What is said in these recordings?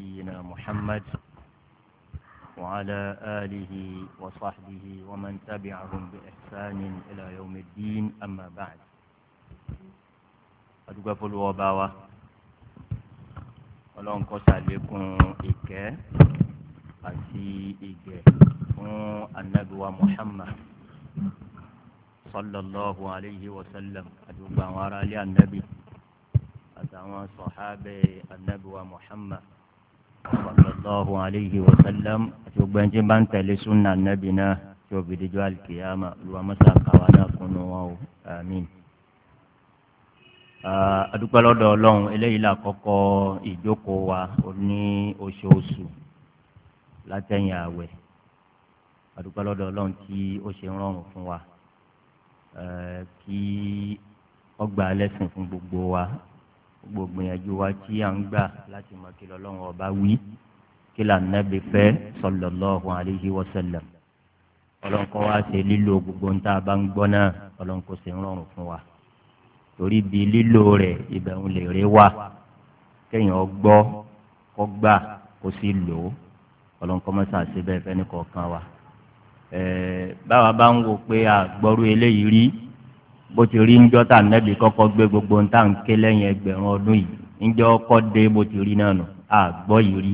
نبينا محمد وعلى آله وصحبه ومن تبعهم بإحسان إلى يوم الدين أما بعد أدقف الوباوة ولن قصى لكم إكاء أسي إكاء النبوة محمد صلى الله عليه وسلم أدقف الوباوة النبي أتعوى صحابي النبوة محمد sallallahu alayhi wa sallam àti gbogbo ẹni tí bá ń tẹ̀lé sunna nabi náà tí o bìdí jọ alikiyama olúwa mọ́sá káwa náà kunu wọn o àmín. adúpẹ́ lọ́dọ̀ ọlọ́run eléyìí là kọ́kọ́ ìjókòó wa ní oṣooṣù látẹ̀yìn àwẹ̀ adúpẹ́ lọ́dọ̀ ọlọ́run tí ó ṣe ń rọrùn fún wa kí ọgbà lẹ́sìn fún gbogbo wa gbogbo ìyànjú wa tí à ń gbà láti mọ kí lọ́lọ́run ọba wí kí lànàbì fẹ́ sallallahu alayhi wa sallam ọlọ́nkọ́ wa ṣe lílo gbogbo ń tá a bá ń gbọ́ náà ọlọ́nkọ́ ṣe ń rọrùn fún wa torí bí lílo rẹ̀ ìbẹ̀rù lè rí wa kéèyàn gbọ́ kó gbà kó sì lò ó ọlọ́nkọ́ mọ́sá ṣe bẹ́ẹ̀ fẹ́ ní kọ̀ọ̀kan wa báwa bá ń wo pé àgbọ́rú eléyìí rí bó ti rí njọ́ tá nẹ́bí kọ́kọ́ gbé gbogbo ń tà ń ké lẹ́yìn ẹgbẹ̀rún ọdún yìí njọ́ kọ́ dé bó ti rí náà nù yìí rí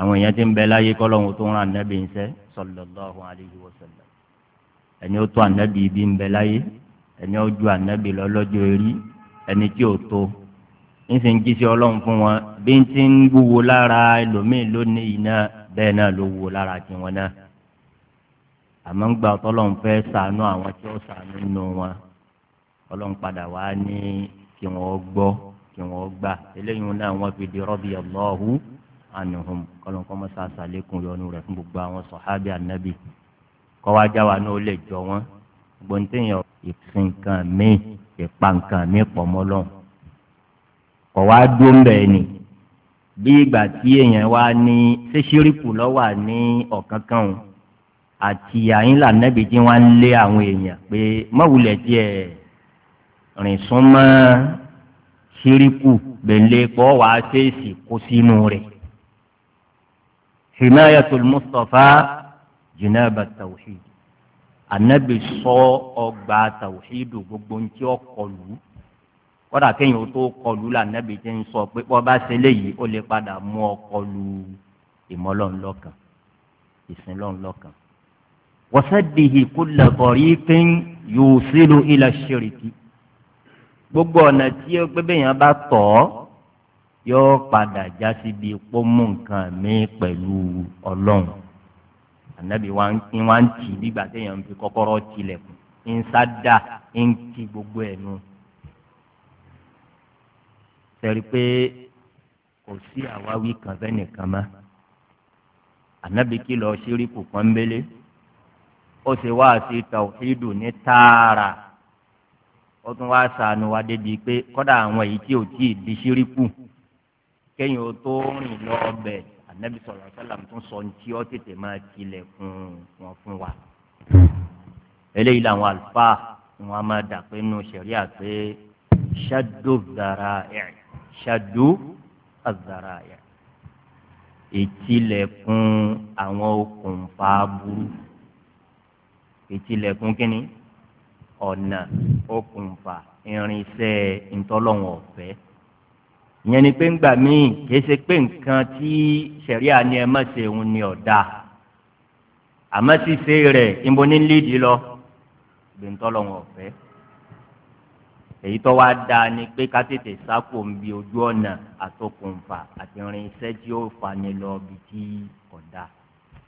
àwọn èèyàn ti ń bẹ láyé kọ́lọ́hún tó ń ra nẹ́bí ń sẹ́ tó ibi ń bẹ láyé ẹni ó ju lọ lọ́jọ́ tí ò tó ń fún wọn bí ń ti ń wúwo lára ẹlòmíín lónìí àmọ́ ń gba ọ̀tọ́lọ́hún fẹ́ sànú àwọn tí ó sànú nù wọn ọlọ́run padà wá ní kí wọ́n gbọ́ kí wọ́n gbà eléyìí náà wọ́n fi di rọ́bì ọlọ́hu ànihùn ọlọ́run kọ́ mọ́sá sàlékún yọnu rẹ̀ fún gbogbo àwọn sọ̀hábì ànábì kọ́wájà wa náà ó lè jọ wọ́n gbọ̀ntẹ́yìn ìfin nǹkan míì ìpa nǹkan míì pọ̀ mọ́ lọ́hùn kọ̀ wá dúró bẹ́ẹ̀ ni bí ìgbà tí èèyàn wá ní ṣé ṣíríkù lọ́wọ́ ní ọ̀kánkán àti àyín lànàbí tí wọ́n ń lé àwọn èèyàn pé mọ̀wulẹ̀ díẹ̀ rìn súnmọ́ síríkù bẹ̀lẹ́ pọ̀ wàá ṣèèṣì kó sínú rẹ̀. himayatul mustapha jinaba tawhid anabi sọ ọgbà tawhidu gbogbo ń tí ó kéèyàn tó kọlù lànàbí tí ń sọ pé wọ́n bá ṣe léyìí ó lè padà mú ọ kọlù ìmọ̀lọ́nlọ́kan ìsìnlọ́nlọ́kan wasadihi kula tariqin yusilu ila shiriki gbogbo ọ̀nà tí ó pé bẹ́yàn bá tọ̀ ọ́ yóò padà já síbi epo mú nǹkan mi pẹ̀lú ọlọ́run ànábì wa ń wá ń tì nígbà téèyàn ń fi kọ́kọ́rọ́ tilẹ̀kùn ń sádà ń ti gbogbo ẹ̀ nu sẹ́rí pé kò sí àwáwí kan fẹ́nìkan mọ́ ànábì kìlọ̀ ṣírí kù pọ́nbélé ó sì wá sí tàwùhídù ní tààrà ó tún wá sànù wá débi pé kọ́dà àwọn èyí tí ò tí ì di ṣíríkù kéyìn ó tó rìn lọ ọbẹ̀ ànábì sọ̀rọ̀ sálàm tún sọ ní tí ó tètè máa tilẹ̀kùn wọn fún wa. eléyìí làwọn àlùfáà ni wọn máa dà pé nù sẹ̀ríà pé ṣáàdù zara ẹ̀ ṣáàdù azara ẹ̀ ìtilẹ̀kùn àwọn okùnfà burú ìtìlẹ̀kùn kínní ọ̀nà okùnfà irinṣẹ́ ìtọ́lọ́wọ̀n ọ̀fẹ́ ìyẹn ni pé ńgbà míì kìí ṣe pé nǹkan tí sẹ̀ríà ni ẹ má ṣe òun ni ọ̀dà àmọ́ ṣíṣe rẹ̀ ìbò ní lídìí lọ bí ìtọ́lọ́wọ̀n ọ̀fẹ́ èyí tó wá da ni pé ká tètè sáko ń bi ojú ọ̀nà àtokùnfà àti irinṣẹ́ tí ó fani lọ bí tí ọ̀dà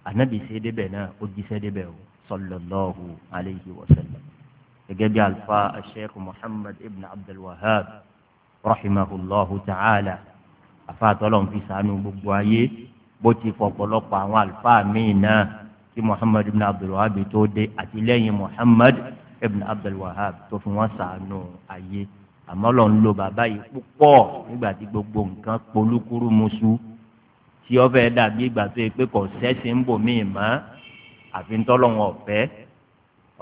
ànábìṣe débẹ̀ náà ó jíṣẹ́ débẹ̀ o sallallahu alayhi wa sallam gẹ́gẹ́ bí alfa sheikh muhammad ibn abdul wahab rahimahullahu ta'ala afaatọlọn fi ṣàánú gbogbo ayé bó ti fọ̀pọ̀lọpọ̀ àwọn alfa míì náà tí muhammad ibn abdul wahab tó dé àti lẹ́yìn muhammad ibn abdul wahab tó fi wọ́n ṣàánú ayé àmọ́ lọ́n ń lo bàbá yìí púpọ̀ nígbà tí gbogbo nǹkan polúkúrú musu tí ó dàbí ìgbà tó yẹ pé kò sẹ́sìn ń bò míì mọ́ àfi ntọ́lọ́wọ́n ọ̀fẹ́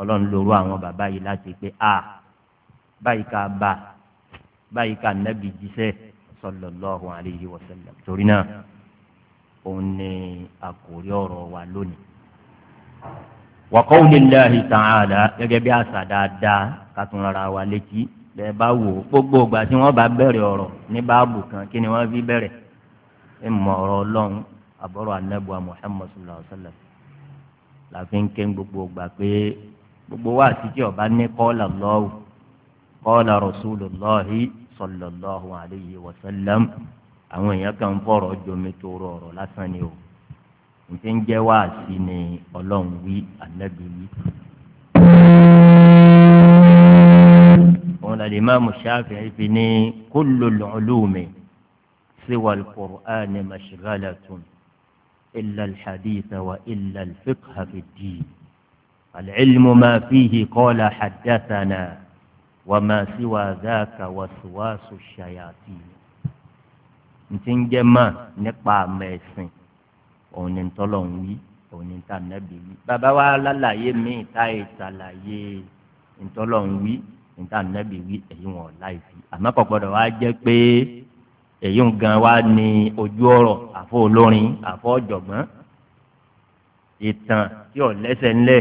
ọlọ́run lóru àwọn bàbá yìí láti pé a báyìí ká bá báyìí ká nẹ́bí jíṣẹ́ sallallahu alayhi wa sallam torí náà òun ni àkórí ọ̀rọ̀ wa lónìí. wa qawlillahi ta'ala gẹ́gẹ́ bí àṣà dáadáa ká tún rárá wa létí bẹ́ẹ̀ bá wò ó gbogbo ìgbà tí wọ́n bá bẹ̀rẹ̀ ọ̀rọ̀ ní báàbù kan kí ni wọ́n fi bẹ̀rẹ̀ ìmọ̀ ọ̀rọ̀ ọlọ́run àbọ̀rọ̀ anábùwà Muhammad sallallahu alayhi wa sallam làfi ń ké gbogbo gbà pé gbogbo wa àti tí ọba ní kọ́ọ̀là lọ́wọ́ kọ́ọ̀là rasulullahi sallallahu alayhi wa sallam àwọn èèyàn kan fọ̀rọ̀ jomi toro ọ̀rọ̀ lásán ni o n ti ń jẹ́ wá sí ni ọlọ́run wí ànábì wí. òun làdí Imam Shafi'i fi ní kullul ulumi siwal Qur'ani mashghalatun. إلا الحديث وإلا الفقه في الدين العلم ما فيه قال حدثنا وما سوى ذاك وسواس الشياطين ntí ń jẹ́ mọ́ nípa àmọ́ ẹ̀sìn òun ni tọ́lọ̀ ń wí òun ni tá nẹ́bi wí bàbá wa lálàyé mi ìta ìsàlàyé ntọ́lọ̀ ń wí ìta nẹ́bi wí èyí wọn láì fi àmọ́ kò gbọ́dọ̀ wá jẹ́ pé èyí ń gan wa ní ojú ọ̀rọ̀ àfọ olórin àfọ ọ̀jọ̀gbọ́n ìtàn tí ò lẹ́sẹ̀ ńlẹ̀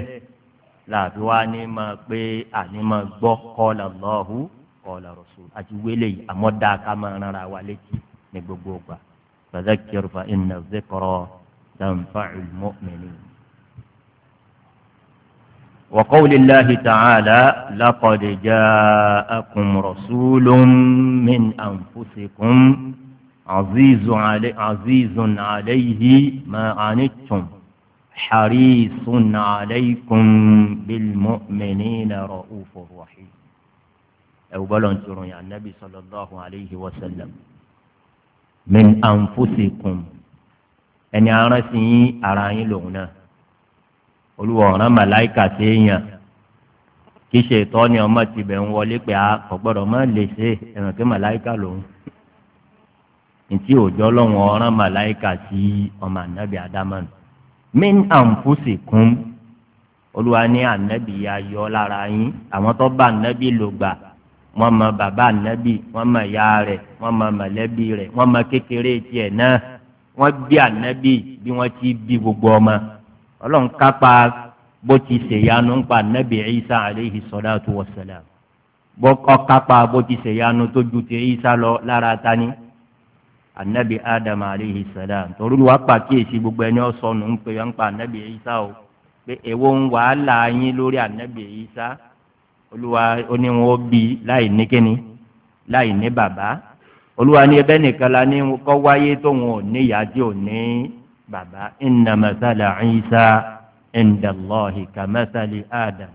làbí wa ní máa pé àní máa gbọ́ kọ́ọ̀lá lọ́hù kọ́ọ̀lá rọ̀ṣù àti wélé yìí àmọ́ dáa ká máa ran wa létí ní gbogbo ìgbà fadhakkir fa inna dhikra tanfa'ul وقول الله تعالى لقد جاءكم رسول من أنفسكم عزيز, علي عزيز عليه ما عنتم حريص عليكم بالمؤمنين رؤوف رحيم أو بلنتر يا النبي صلى الله عليه وسلم من أنفسكم أن يعني أرسي أرعي لغناه olúwa ọ̀ràn màláìkà sí èèyàn kì í ṣe ìtọ́ni ọmọ tibẹ̀ ń wọlé pé a kò gbọ́dọ̀ má lè ṣe ẹ̀ràn pé màláìkà lòun ntí òjò ọlọ́run ọ̀ràn màláìkà sí ọmọ ànábì ádámánù min àǹfùsì kún olúwa ní ànábì yà yọ lára yín àwọn tó bá ànábì lò gbà wọ́n mọ bàbá ànábì wọ́n mọ ìyá rẹ̀ wọ́n mọ mọ̀lẹ́bí rẹ̀ wọ́n mọ kékeré tiẹ̀ náà wọ́n bí ànábì bí wọ́n ti bí gbogbo ọmọ. ọlọ́run kápá bó ti ṣèyanu ń pa nẹ́bí Isa aleyhi salatu wa salam bọ́kọ́ kápá bó ti ṣèyanu tó ju ti Isa lọ lára tani anabi adam aleyhi salam torí wàá pàkíyèsí gbogbo ẹni ọ̀sọ́nù ń pè ń pa anabi Isa o pé èwo ń wàhálà yín lórí anabi Isa olúwa oníwọ̀n bí láì ní kíni láì ní bàbá olúwa ní ẹbẹ́ nìkan la ní kọ́ wáyé tóun ò ní ìyá tí ò ní. بابا إن mathala عيسى عند الله كمثل آدم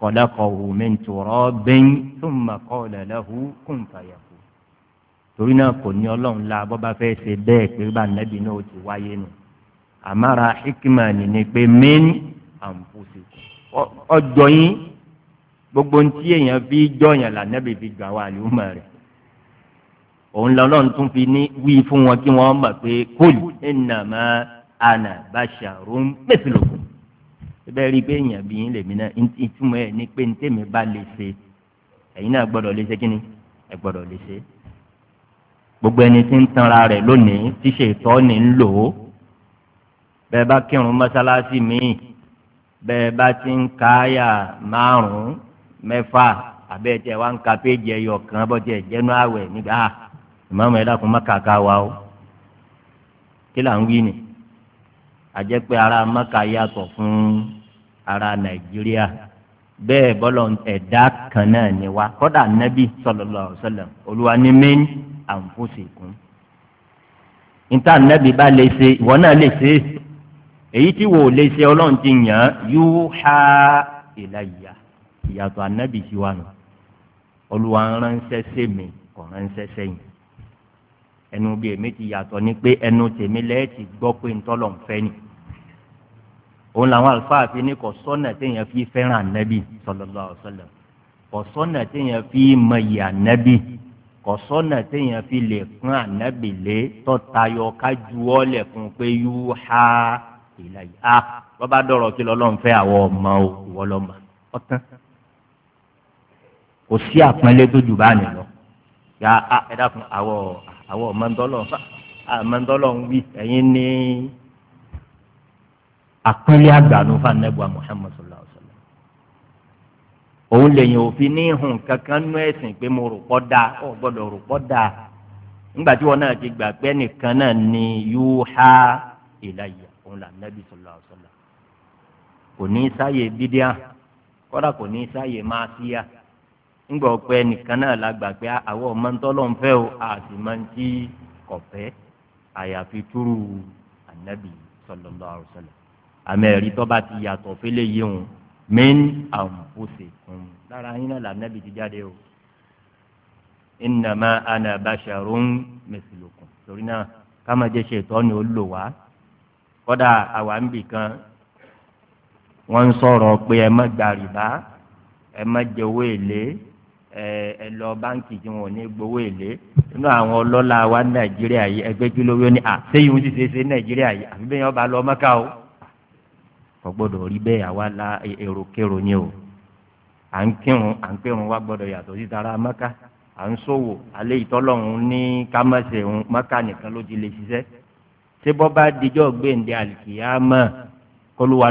خلقه من تراب ثم قال له lahu kun fayakun torí náà kò ní ọlọ́run la bọ́ bá fẹ́ ṣe bẹ́ẹ̀ pé bá nẹ́bí náà ti wáyé nù àmàrà hikima ni ni pé min àǹfùsì ọjọ́ yín gbogbo ntí èèyàn fi jọ̀yàn là nẹ́bí fi gbà wá àlùmọ́ rẹ̀ òun lọ́lọ́run tún fi ní wí fún wọn kí wọ́n mọ̀ pé kul innama ana basharun mithlukum bẹ́ẹ̀ rí i pé èèyàn bí yín lèmi náà ìtumọ̀ ẹ̀ ní pé ntẹ́mi bá lè ṣe ẹ̀yin náà gbọ́dọ̀ lè ṣe kíni ẹ̀ gbọ́dọ̀ lè ṣe. gbogbo ẹni tí ń tanra rẹ̀ lónìí tí ṣètọ́ ni ń lò ó bẹ́ẹ̀ bá kírun mọ́sálásí míì bẹ́ẹ̀ bá ti ń káyà márùn-ún mẹ́fà àbẹ́ẹ̀tẹ̀ wá ń ka péjì ẹyọ kan bọ́tẹ̀ jẹ́nu àwẹ̀ nígbà ah, ìmáàmù ẹ̀dá kún mọ́kàká wa o kí là ń wí ni àjẹ́ pé ara mọ́kà yàtọ̀ fún ara nàìjíríà bẹ́ẹ̀ bọ́lọ̀ ẹ̀dá kan náà ni wa kọ́dà nẹ́bí sallallahu alaihi wasallam olúwa ní min anfusikum níta nẹ́bí bá lè ṣe ìwọ náà lè ṣe èyí tí wò lè ṣe ọlọ́run ti yàn yuha ilayya ìyàtọ̀ ànẹ́bí sí wa nù olúwa ránṣẹ́ sẹ́mi kò ránṣẹ́ sẹ́yìn ẹnu bí èmi ti yàtọ̀ ni pé ẹnu tèmi lẹ́ẹ̀ ti gbọ́ pé ntọ́lọ̀ ń fẹ́ ni òun làwọn àlùfáà fi ní kò sọ́nà téèyàn fi fẹ́ràn ànábì sallallahu alaihi wasallam kò sọ́nà téèyàn fi mọyì ànábì kò sọ́nà téèyàn fi lè fún ànábì lé tọ́tayọ kájú ọ́lẹ̀ fún pé yú ha ìlà yìí a ah, bọ́bá dọ̀rọ̀ kí lọ́lọ́run fẹ́ àwọ̀ ọmọ o ìwọ lọ́mọ ọ̀tán kò sí àpọ́nlé tó jù bá nìlọ yà á ah, ẹ̀dá fún àwọ̀ àwọn ọ̀mọ̀ntọ́lọ̀ àmọ̀ntọ́lọ̀ ń wí ẹ̀yin ní àpẹẹrẹ àgbàánu fanẹ́bùà Muhammad sallallahu alayhi wa sallam òun lèyìn òfin ní ìhùn kankan nú ẹ̀sìn pé mo rò pọ́ da ọ̀ gbọ́dọ̀ rò pọ́ da ńgbàtí wọn náà ti gbà pé nìkan náà ni yúhá ìlàyà òun là nẹ́bí sallallahu alayhi wa sallam kò ní sáyè bídíà kọ́dà kò ní sáyè máa síyà ńgbà ọpẹ nìkan náà la gbà pé àwọn ọmọ ń tọ́lọ́ ń fẹ́ o a máa ń tí kọ̀fẹ́ àyàfi túrú ànábì sallallahu alaihi wasallam àmì ẹ̀rí tó bá ti yàtọ̀ fẹ́lẹ́ yìí hùn min anfusikum lára yín náà lànábì ti jáde o innama ana basharun mislukum torí náà ká máa jẹ́ ṣètọ́ ni ó lò wá kódà àwa ń bì kan wọ́n ń sọ̀rọ̀ pé ẹ má ẹ má owó èlé ẹ lọ báńkì tí wọn ò ní gbowó èlé nínú àwọn ọlọ́lá wa nàìjíríà yìí ẹgbẹ́júlówó ní à sẹ́yìn ti ṣe ṣe nàìjíríà yìí àbí bẹ́ẹ̀ yẹn bá lọ mọ́ká o kò gbọ́dọ̀ rí bẹ́ẹ̀ àwa la èròkèrò ni o à ń kírun à ń kírun wa gbọ́dọ̀ yàtọ̀ sí tara mọ́ká à ń ṣòwò alẹ́ ìtọ́lọ́run ní kámẹ́sẹ̀ mọ́ká nìkan ló ti lè ṣiṣẹ́ ṣé bọ́ bá dijọ́ gbéǹde àlìkìyámà kọlùwà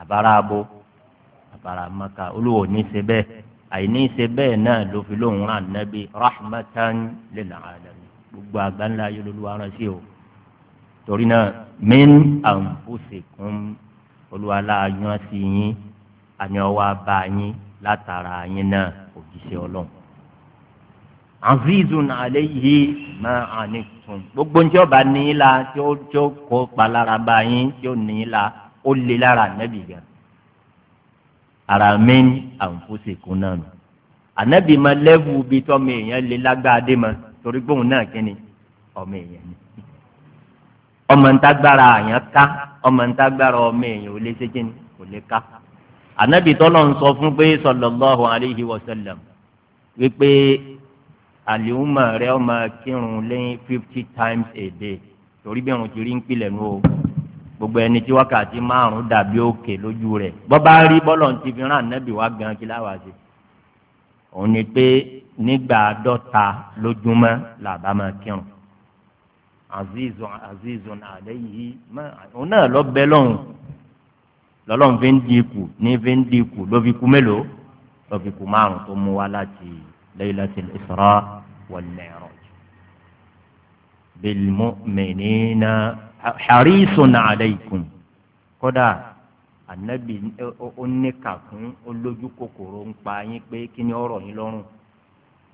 àbára abo àbára maka olúwo ní ṣe bẹ́ẹ̀ àìní ṣe bẹ́ẹ̀ náà ló fi lóun rán ànábì rahmatan lil alamin gbogbo àgbáńlá yóò lọ́wọ́ ara sí o torí náà min anfusikum olúwalá yan sí yín àyàn wa bá yín látara yín náà òjíṣẹ́ ọlọ́run azizun alayhi ma anittum gbogbo njọba ní la tí ó kó palára bá yín tí ó ní la ó lé lára ànábì gan ara min àǹfóṣekùn náà nù ànábì máa lẹ́bù bí tọ́mọ èèyàn lé lágbáadé ma torí gbóhùn náà kíni ọmọ èèyàn ni ọmọ ntagbára àyàn ká ọmọ ntagbára ọmọ èèyàn ò lè ṣe kíni kò lè ká ànábì tọ́lọ̀ ń sọ fún pé sallallahu alayhi wa wípé àlìhùmọ̀ rẹ̀ ọmọ kírun lẹ́yìn fifty times a day torí bí irun ti rí ń pilẹ̀ nù o gbogbo ẹni tí wákàtí márùn dàbí òkè lójú rẹ̀ bọ́bá rí bọ́lọ̀ ti fi rán ànábì wá gan kí láwa ṣe òun ni pé nígbà àádọ́ta lójúmọ́ làbá máa kírun azizun azizun àlẹ́yìí òun náà lọ bẹ lọ́hùn lọ́lọ́hùn fi ń di ikù ní fi ń di ikù ló fi ku mélòó ló fi ku márùn tó mú wá láti Laylatul Isra wal Mi'raj bil mu'minina harisun aleikum kódà anabi ó ní kàkún olójú kòkòrò ń pa yín pé kí ni ọ̀rọ̀ yín lọ́rùn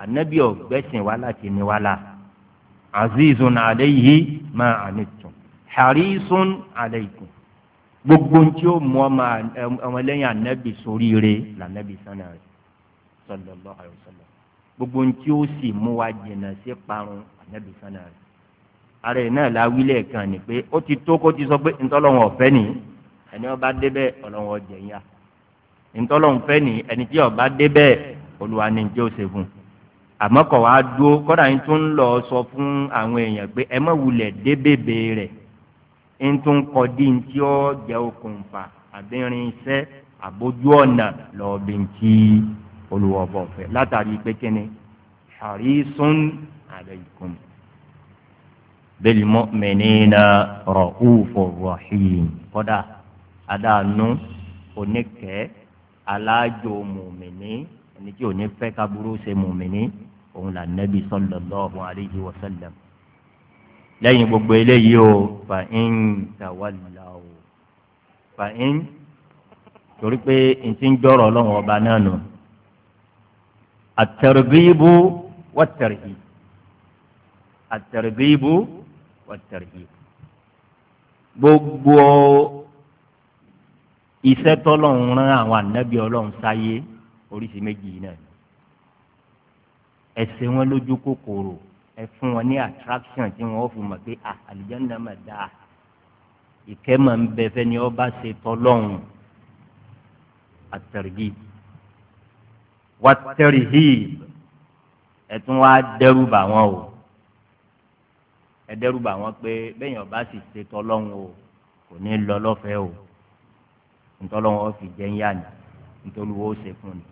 anabi ọgbẹsìn wa láti ní wa la azizun aleihi ma anitun harisun aleikum gbogbo ntí ó mú ọmọ lẹ́yìn anabi sórí rẹ lànàbi sànà rẹ sallallahu alaihi wasallam gbogbo ntí ó sì mú wa jìnnà sí parun anabi sànà rẹ ara ẹ̀ náà la wílẹ̀ kan ni pé ó ti tó kó ti sọ pé ntọ́lọ́wọ̀n ọ̀fẹ́ nìyí ẹni ọba débẹ̀ ọlọ́wọ̀n ọ̀jẹ̀ yá ntọ́lọ́wọ̀n fẹ́ nìyí ẹni tí ọba débẹ̀ olùwà ni jẹ́ òsè fún un àmọ́ kọ̀ wá dúró kọ́dà yín tún lọ sọ fún àwọn èèyàn pé ẹ má wulẹ̀ débèbè rẹ̀ ń tún kọ dí ní tí ó jẹ́ okùnfà àbírin iṣẹ́ àbójú ọ̀nà lọ́ọ̀bì tí olùwọ̀bọ̀ fẹ́ látàrí pé kíni harisun alaykum bilmu'minina ra'ufur rahim kọ́dà adáàánú oníkẹ́ aláàjò mùmìnì ẹni tí òní fẹ́ kaburú ṣe mùmìnì òun là nẹ́bí sallallahu alayhi wa sallam. lẹ́yìn gbogbo eléyìí o fa in tawallaw fa in torí pé n ti ń jọ̀rọ̀ ọlọ́run ọba náà nù at-targhibu wat wat-tarhib gbogbo iṣẹ́ tọ́lọ́run rán àwọn ànábì ọlọ́run sáyé oríṣi méjì yìí náà ẹ wọn lójú kòkòrò ẹ fún wọn ní attraction tí wọn fi mọ̀ pé ah àlùjánnà mà dáa ìkẹ́ mà ń bẹ fẹ́ni ọba ṣe tọ́lọ́run at-targhib wat-tarhib ẹ tún wá dẹ́rù bà wọ́n o ẹdẹrúbà wọn pé bẹ́ẹ̀ ọba sì ṣe tọ́lọ́hún o kò ní lọ lọ́fẹ̀ẹ́ o ntọ́lọ́hún ó fi jẹ́ yá ni nítorí ó ṣe fún ni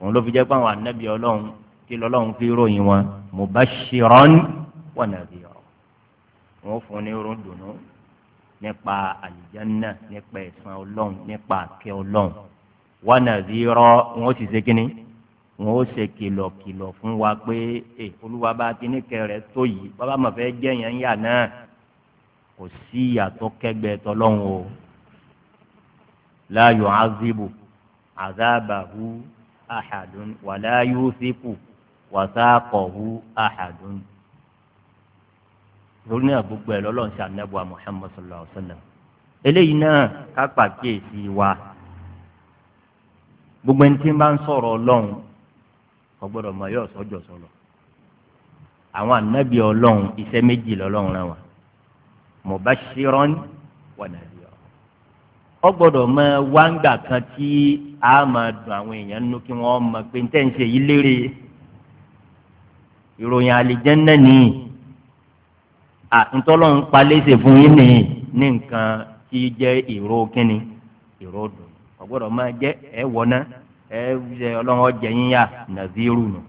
òun ló fi jẹ́ pé àwọn anábì ọlọ́hún kí lọ́lọ́hún fi ròyìn wọn mubashiran wa nadhira wọn fún ní irun dùnú nípa àlìjánná nípa ẹ̀san ọlọ́hún nípa àkẹ́ ọlọ́hún wa nadhira wọn sì ṣe kínní wọn ó ṣe kìlọ̀kìlọ̀ fún wa pé ẹ olúwa bá kíní kẹrẹ tó yìí bàbá mọ̀ fẹ́ jẹ́yàn ń yà náà kò sí ìyàtọ̀ kẹgbẹ́ tọlọ́run o la yu'azibu azabahu ahadun wala yusiku wasaqahu ahadun lórí náà gbogbo ẹ lọ́lọ́run ṣe ànábọ̀ Muhammad sallallahu alaihi wasallam eléyìí náà ká wa gbogbo ẹni tí ń bá ń sọ̀rọ̀ ọlọ́run ọgbọdọ ma mọ yóò sọlọ, àwọn ànábì ọlọ́run iṣẹ́ méjì wa mubashiran wa nadhira ọ ọgbọdọ ma wáńgà kan tí a máa dùn àwọn èèyàn nínú kí wọ́n mọ pé n tẹ́ n ṣe yí ìròyìn ni ntọ́lọ́run fún yín ìró ọ náà. ẹ ẹ ọlọ́run ọjẹ́ yín yá nàzírù nù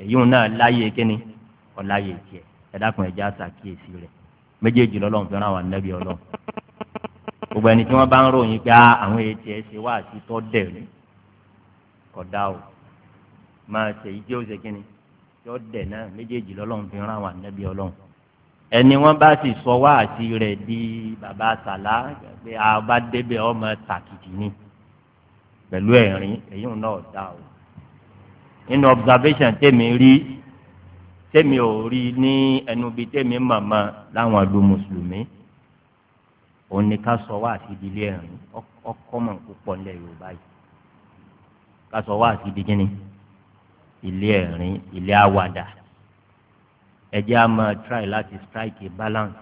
èyí wọn náà láyé kíni ọláyé tiẹ̀ ẹ dákun ẹ̀já sàkíyèsí rẹ̀ méjèèjì lọ́lọ́run fẹ́ràn àwọn ànábì ọlọ́run gbogbo ẹni tí wọ́n bá ń ròyìn pé ah, àwọn ètí ẹ ṣe wá àti tọ́ dẹ̀ rí kọ̀dá o máa ṣe èyí tí ó ṣe kíni tí ó dẹ̀ náà méjèèjì lọ́lọ́run fẹ́ràn àwọn ànábì ọlọ́run ẹni wọ́n bá sì sọ wá àti rẹ̀ di bàbá sàlá pé a bá débẹ̀ ọmọ tàkìtì ni pẹ̀lú ẹ̀rín èyí ń náà dá o nínú observation tèmi rí tèmi ò rí ní ẹnu bíi tèmi màmá láwọn ìlú mùsùlùmí òun ni ká sọ wá àti ìdílé ẹ̀rín ọkọ mọ̀ púpọ̀ nílẹ̀ yorùbá yìí ká sọ wá àti ìdílé ni ilé ẹ̀rín ilé àwàdà ẹ jẹ́ máa try láti strike a balance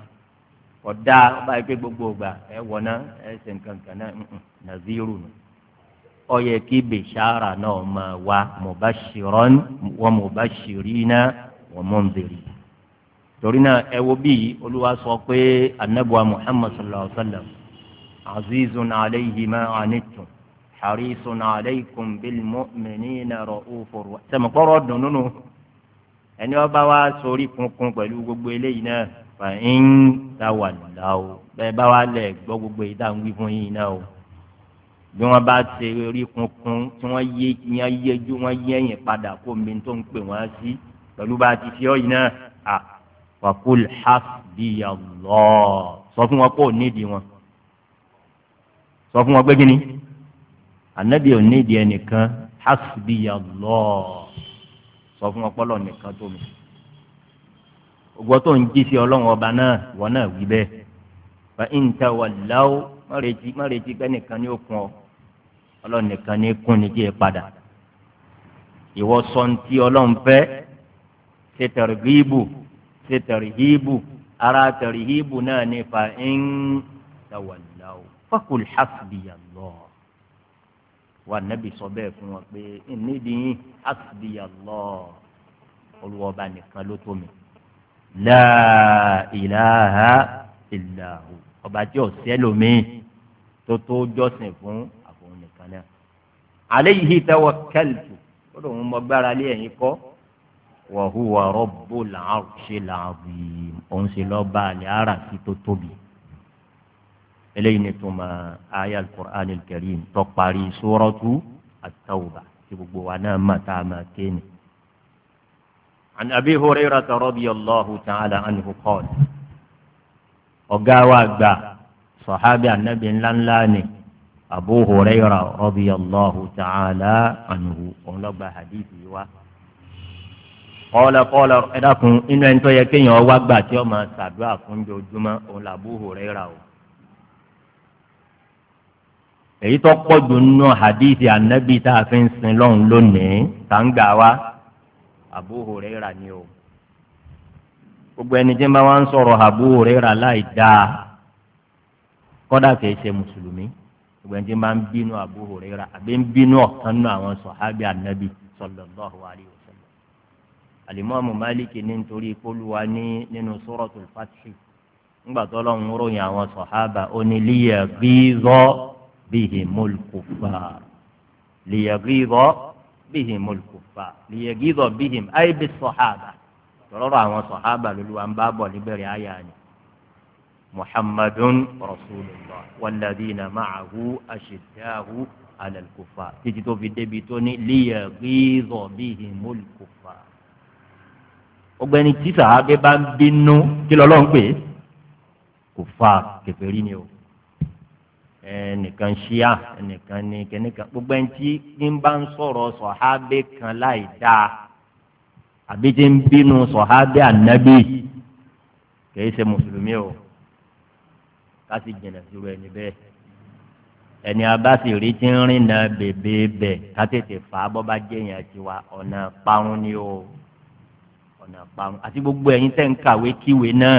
kódà ọba yìí pé gbogbo ìgbà ẹ wọ̀ náà ẹ ṣe nǹkan kan náà nàzírù nù ọyẹ kí bèṣára náà máa wá mubashiran wa mubashirina wa mundhiri torí náà ẹ wo bí olúwa sọ pé anabuwa muhammad sallallahu alaihi wa sallam azizun alayhi ma anittum harisun alaykum bil mu'minina ra'ufur sẹmọkọrọ dùnú nù ẹni ọba wa sórí kunkun pẹ̀lú gbogbo eléyìí náà fàáyín táwa nìlá o bẹ́ẹ̀ bá wa lẹ̀ gbọ́ gbogbo ìdáhùn wí fún yín náà o bí wọ́n bá ṣe orí kunkun tí wọ́n yé yẹn yẹjú wọ́n yẹ yẹn padà kó mi tó ń pè wọ́n sí pẹ̀lú bá a ti fi ọ́ yìí náà à wàkúl hasbiyallah sọ fún wọn kó nídìí wọn sọ fún wọn pé kí ni anabi ò nídìí ẹnìkan hasbiyallah sọ fún wọn pọlọ nìkan tó mi ògbọ́n tó ń jí sí ọlọ́run ọba náà wọn náà wí bẹ́ẹ̀ fa in tawallaw má retí má retí nìkan ni ó kún ọ ọlọ́run nìkan ní kún ní jẹ́ padà ìwọ sọ ní ti ọlọ́run fẹ́ ṣe tẹ̀rì híbù ṣe tẹ̀rì híbù ara tẹ̀rì híbù náà ní fa ń tawàlá o fakul hasbiyallah wa nabi sọ bẹ́ẹ̀ fún wọn pé nídìí hasbiyallah olùwọ́ba nìkan ló tó mi la ilaha illa ọba tí ò sẹ́lòmíì tó tó jọ́sìn fún alayhi tawakkaltu ó lóun mọ gbára lé ẹ̀yin kọ́ wa huwa rabbul arshil azim òun sì lọ bá àlẹ́ ara sí tó tóbi eléyìí ni tó aya al-Qur'an al-Karim tó parí gbogbo wa náà má tá a máa ké ni. عن أبي هريرة رضي الله تعالى عنه قال ọ̀gá wa àgbà sọ̀hábì ànábì ńláńlá abu huraira radiyallahu ta'ala anhu ọlọgba hadithi wa kọlọkọlọ ẹdàkùn inú ẹni tó yẹ kéèyàn wá gbà tí ọmọ sàdúrà fún jojúmọ́ òun là abu huraira o èyí tó pọ̀jù nínú hadithi anabi tá a fi ń sin lọ́hùn lónìí tàǹgà wa abu huraira ni o gbogbo ẹni tí ń bá wa ń sọ̀rọ̀ abu huraira láì dáa kódà kìí ṣe mùsùlùmí ìgbẹ́njẹ́ máa ń bínú Abu Huraira àbí ń bínú ọ̀kan nínú àwọn sọ̀hábì ànábì sallallahu alaihi wasallam. Al-Imamu Malik ní nítorí ìpolúwa ní nínú Suratul Fath ńgbà tó lọ́n ròyìn àwọn sọ̀hábà ó ní liyaghiza bihimul kuffar liyaghiza bihimul kuffar liyaghiza bihim ay sọ̀hábà tọ́lọ́rọ̀ àwọn sọ̀hábà lóluwà ń bá bọ̀ níbẹ̀rẹ̀ محمد رسول الله والذين معه ala على الكفار. تجد في fi débi tó ní liyaghiza bihimul kuffar. ọgbẹ́ni tí sàhábẹ́ bá ń bínú kí lọ́lọ́ ń pè é kuffar kèfèrí ni o ẹnìkan ṣíà ẹnìkan ní kẹnìkan gbogbo ẹni tí ń bá ń sọ̀rọ̀ sọ̀hábẹ́ kan láì dáa àbí tí ń bínú sọ̀hábẹ́ ànábì kìí ṣe mùsùlùmí o ká sì jìnnà síru ẹni bẹ́ẹ̀ ẹni abásìrí ti ń rìn náà bèbè bẹ̀ ká tètè fà á bọ́bá jẹ́yìn tiwa ọ̀nà parun ni o ọ̀nà parun àti gbogbo ẹ̀yin tẹ̀ ń kàwé kíwé náà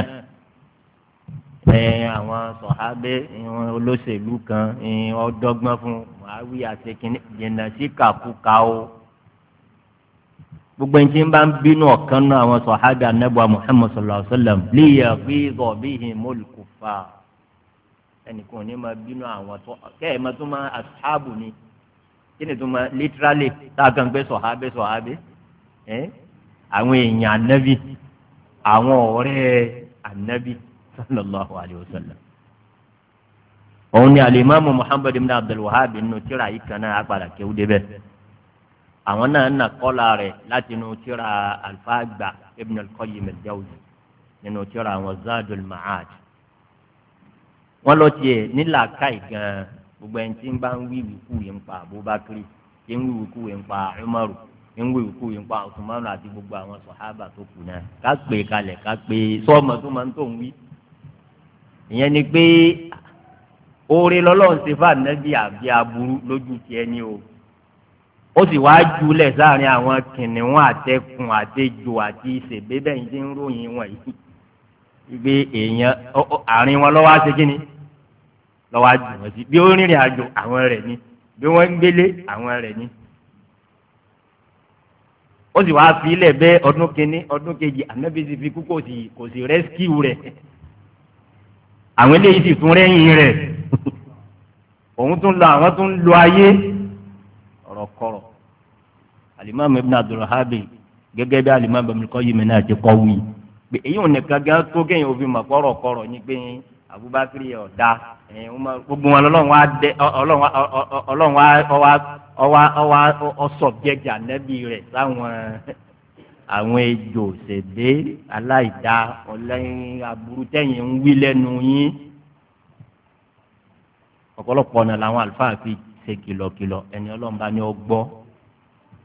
ẹ̀yin àwọn sọ̀hábẹ́ ìwọ̀n olóṣèlú kan ìwọ̀n ọ̀dọ́gbọ́n fún wàhálì àtẹkìnní jìnnà sí kàkúkà o gbogbo ẹni tí ń bá ń bínú ọ̀kan náà àwọn sọ̀hábẹ́ anábọ̀ Muhammad sallallahu alaihi wasallam lè yẹ kí ìgbọ̀ bíi hìmọ́lù kò fà á ẹnìkan ò ní máa bínú àwọn tó kẹ́ ẹ̀ máa tún máa àṣàbù ni kí ni tún máa literally tá a kàn gbé sọ̀hábẹ́ sọ̀hábẹ́ ẹ́ àwọn èèyàn ànábì àwọn ọ̀rẹ́ ànábì sallallahu alayhi wa sallam. òun ni alimami muhammad ibn abdulwahab nínú tíra yìí kan náà agbára kéwú débẹ̀ àwọn náà ń nà kọ́la rẹ̀ láti inú tíra alfagba ibn al-qayyim al-jawzi nínú tíra àwọn zadul ma'ad wọ́n lọ tiẹ̀ nílàáká ìgàn gbogbo ẹni tí ń bá ń wíwì kú yìí ń pa Abubakari tí ń wíwì kú yìí ń pa Umaru tí ń wíwì kú yìí ń pa Usmanu àti gbogbo àwọn sọ̀hábà tó kù náà ká pè kalẹ̀ ká pè sọ́ọ̀mọ̀ tó máa ń tó ń wí. ìyẹn ni pé oore lọ́lọ́run ṣe fún ànábì àbí aburú lójú tiẹ̀ ni o ó sì wáá júlẹ̀ sáàrin àwọn kìnìún àtẹkùn àtejò àti ìṣègbè bẹ́ẹ̀ ń ròyìn wọ̀nyí ìgbé èèyàn àárín wọn lọ́wọ́ á ṣe kí ni lọ́wọ́ àjò wọn sí bí ó rìnrìn àjò àwọn rẹ̀ ni bí wọ́n ń gbélé àwọn rẹ̀ ni. ó sì wáá fi ilẹ̀ bẹ́ẹ̀ ọdún kínní ọdún kejì ànábi sì fi kú kò sì kò sì rẹ́síkìú rẹ̀ àwọn eléyìí sì tún rẹ́yìn rẹ̀ òun tún lọ àwọn tún lọ ayé ọ̀rọ̀ kọ̀rọ̀ alimami ibn abdulhabi gẹ́gẹ́ bí alimami ibn Qayyim náà ti kọ́ wí èyí ò ní kankan tó kéèyàn òfin mọ̀ kọ́rọ̀ kọ́rọ̀ ní pé Abubakar yẹ ọ̀dà gbogbo wọn lọ́lọ́run wa dẹ ọlọ́run wa ọwa ọwa ọwa ọsọ̀bjẹ̀jì ànẹ́bí rẹ̀ sáwọn àwọn ejò ṣèdè aláìda ọlẹ́yìn aburú tẹ̀yìn ń wí lẹ́nu yín ọ̀pọ̀lọpọ̀ ọ̀nà làwọn àlùfáà fi ṣe kìlọ̀kìlọ̀ ẹni ọlọ́run bá ní ọ gbọ́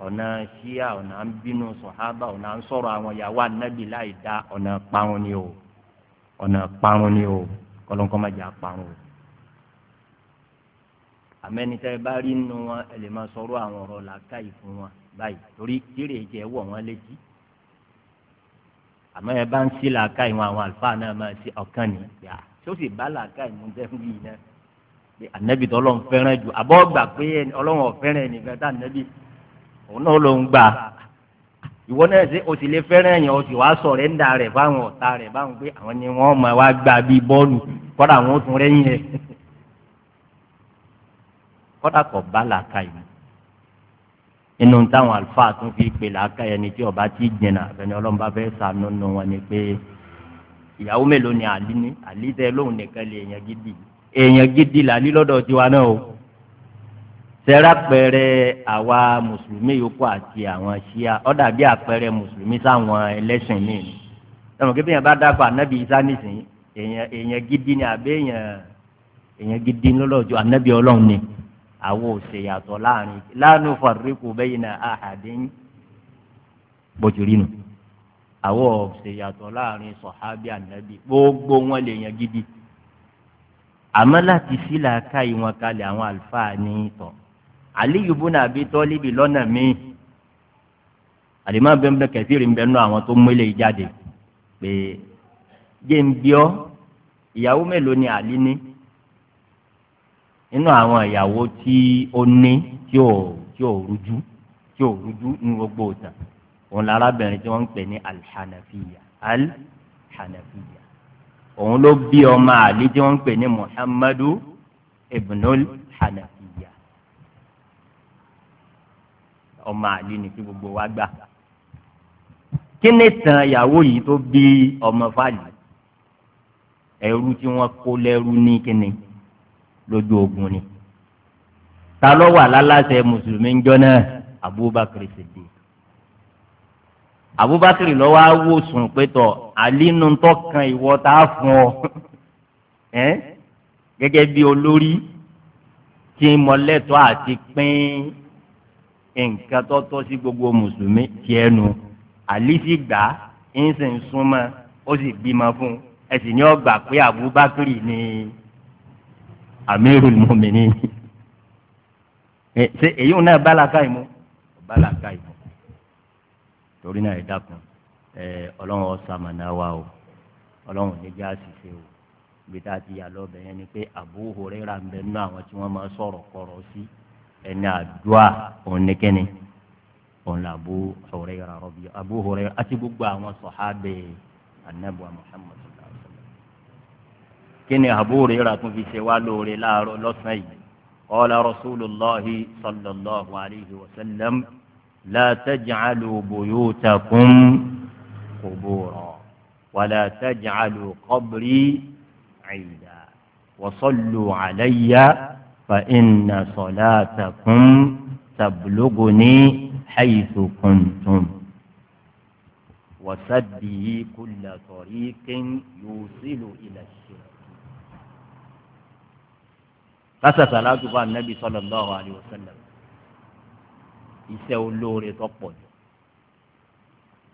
ọ̀nà ṣíà ọ̀nà ń bínú sọ̀hábà ọ̀nà ń sọ̀rọ̀ àwọn ìyàwó ànẹ́bí láìda ọ̀nà parun ni o ọ̀nà parun ni o kọlọ́nkọ́ má jẹ́ àparun o àmẹ́nitẹ́ bá rí nínú wọn ẹ lè máa sọ̀rọ̀ àwọn ọ̀rọ̀ làákàyè fún wọn báyìí torí kírè jẹ́ wọ̀ wọ́n létí àmọ́ ẹ bá ń sí làákàyè wọn àwọn àlùfáà náà máa ṣe ọ̀kan ní yà tó sì bá làákàyè mú tẹ́ fún yìí náà pé ànábì tó ọlọ́run fẹ́ràn jù àbọ̀ gbà pé ọlọ́run ọ̀fẹ́ràn ẹnìkan tá ànábì òun náà ló ń gbà ìwọ náà ṣe o sì lè fẹ́ràn èèyàn o sì wá sọ̀rẹ́ńdà rẹ̀ fáwọn ọ̀tá rẹ̀ báwọn pé àwọn ni wọ́n máa wá gba bíi bọ́ọ̀lù kọ́dà wọn ó tún rẹ́yìn ẹ̀ kọ́dà kọ̀ bá làákà yìí inú táwọn àlùfáà tún fi pè làákà yẹn ni tí ọba ti jìnnà àfẹnì ọlọ́mọba fẹ́ sànú nù wọn ni pé ìyàwó mélòó ni àlí ni àlí tẹ lóhùn nìkan lè èèyàn gidi èèyàn gidi làlí lọ́dọ̀ tiwa náà o tẹ́rà pẹ̀rẹ̀ àwa mùsùlùmí yòókù àti àwọn ṣíà ó dàbí àpẹẹrẹ mùsùlùmí sáwọn ẹlẹ́sìn míì ni ẹ̀wọ̀n kí bíyẹn bá dákọ̀ ànábì isa nísìnyí èèyàn gidi ni àbí èèyàn èèyàn gidi lọ́lọ́jọ́ ànábì ọlọ́run ni àwọn òṣèyàtọ̀ láàrin la nufarriqu bayna ahadin bójúrí nù àwọn òṣèyàtọ̀ láàrin sọ̀hábí ànábì gbogbo wọn lè yàn gidi àmọ́ láti sílà ká ìwọn kalẹ̀ àwọn àlùfáà ní tọ̀ aliyu bun abi tọ́líbi lọ́nà míì àdìmọ́ bẹ́ẹ̀ kẹ̀síìrì ń bẹ nù àwọn tó mú ilé jáde pé jẹ́ ń bí ọ́ ìyàwó mélòó ni àlí ní nínú àwọn ìyàwó tí ó ní tí ò tí ò rújú tí ò rújú gbogbo ìtàn òun lárábìnrin tí wọ́n pè ní alhanafiya alhanafiya òun ló bí ọmọ àlí tí wọ́n pè ní muhammadu ibnul hanafi. ọmọ àlè ni kí gbogbo wa gbà kí ni tàn ìyàwó yìí tó bí ọmọ fàlì ẹrú tí wọ́n kó lẹ́rú ní kíni lójú ogun ni ta ló wà lálàsẹ mùsùlùmí ń jọ́nà abubakar sèdè abubakar ló wá wò sùn pé tọ àlínú kan ìwọ tá a fún ọ gẹ́gẹ́ bí olórí tí mo àti pín nǹkan tọ́tọ́ sí gbogbo mùsùlùmí tiẹ̀ nu àlìsí gbà ń sì ń súnmọ́ ó sì bímọ fún un ẹ sì ní ọgbà pé Abubakar ni Amirul Mu'minin ṣe èyí náà bálaka yìí mú bálaka yìí mú torí náà ẹ dákun ẹ ọlọ́run ọ̀sàmànà wa o ọlọ́run níjà àṣìṣe o ibi tá a ti yà lọ́bẹ̀ ni pé Abu Hurairah ń bẹ nínú àwọn tí wọ́n máa sọ̀rọ̀ kọ̀rọ̀ sí. Si ẹni àdúrà òun ní kíni òun là Abu Hurairah rọbì Abu Hurairah àti gbogbo àwọn sọhábẹ anabuwa Muhammad kíni Abu Hurairah tún fi ṣe wá lóore láàárọ̀ lọ́sàn yìí qala rasulullahi sallallahu alayhi wa sallam la taj'alu buyutakum qubura wala taj'alu qabri 'ida wa sallu fa inna salatakum tablughuni haythu kuntum wa saddihi kulla tariqin yusilu ila ash-shirk. kásà sàlátù fún anabi sallallahu alayhi wa sallam iṣẹ́ olóore tó pọ̀ jù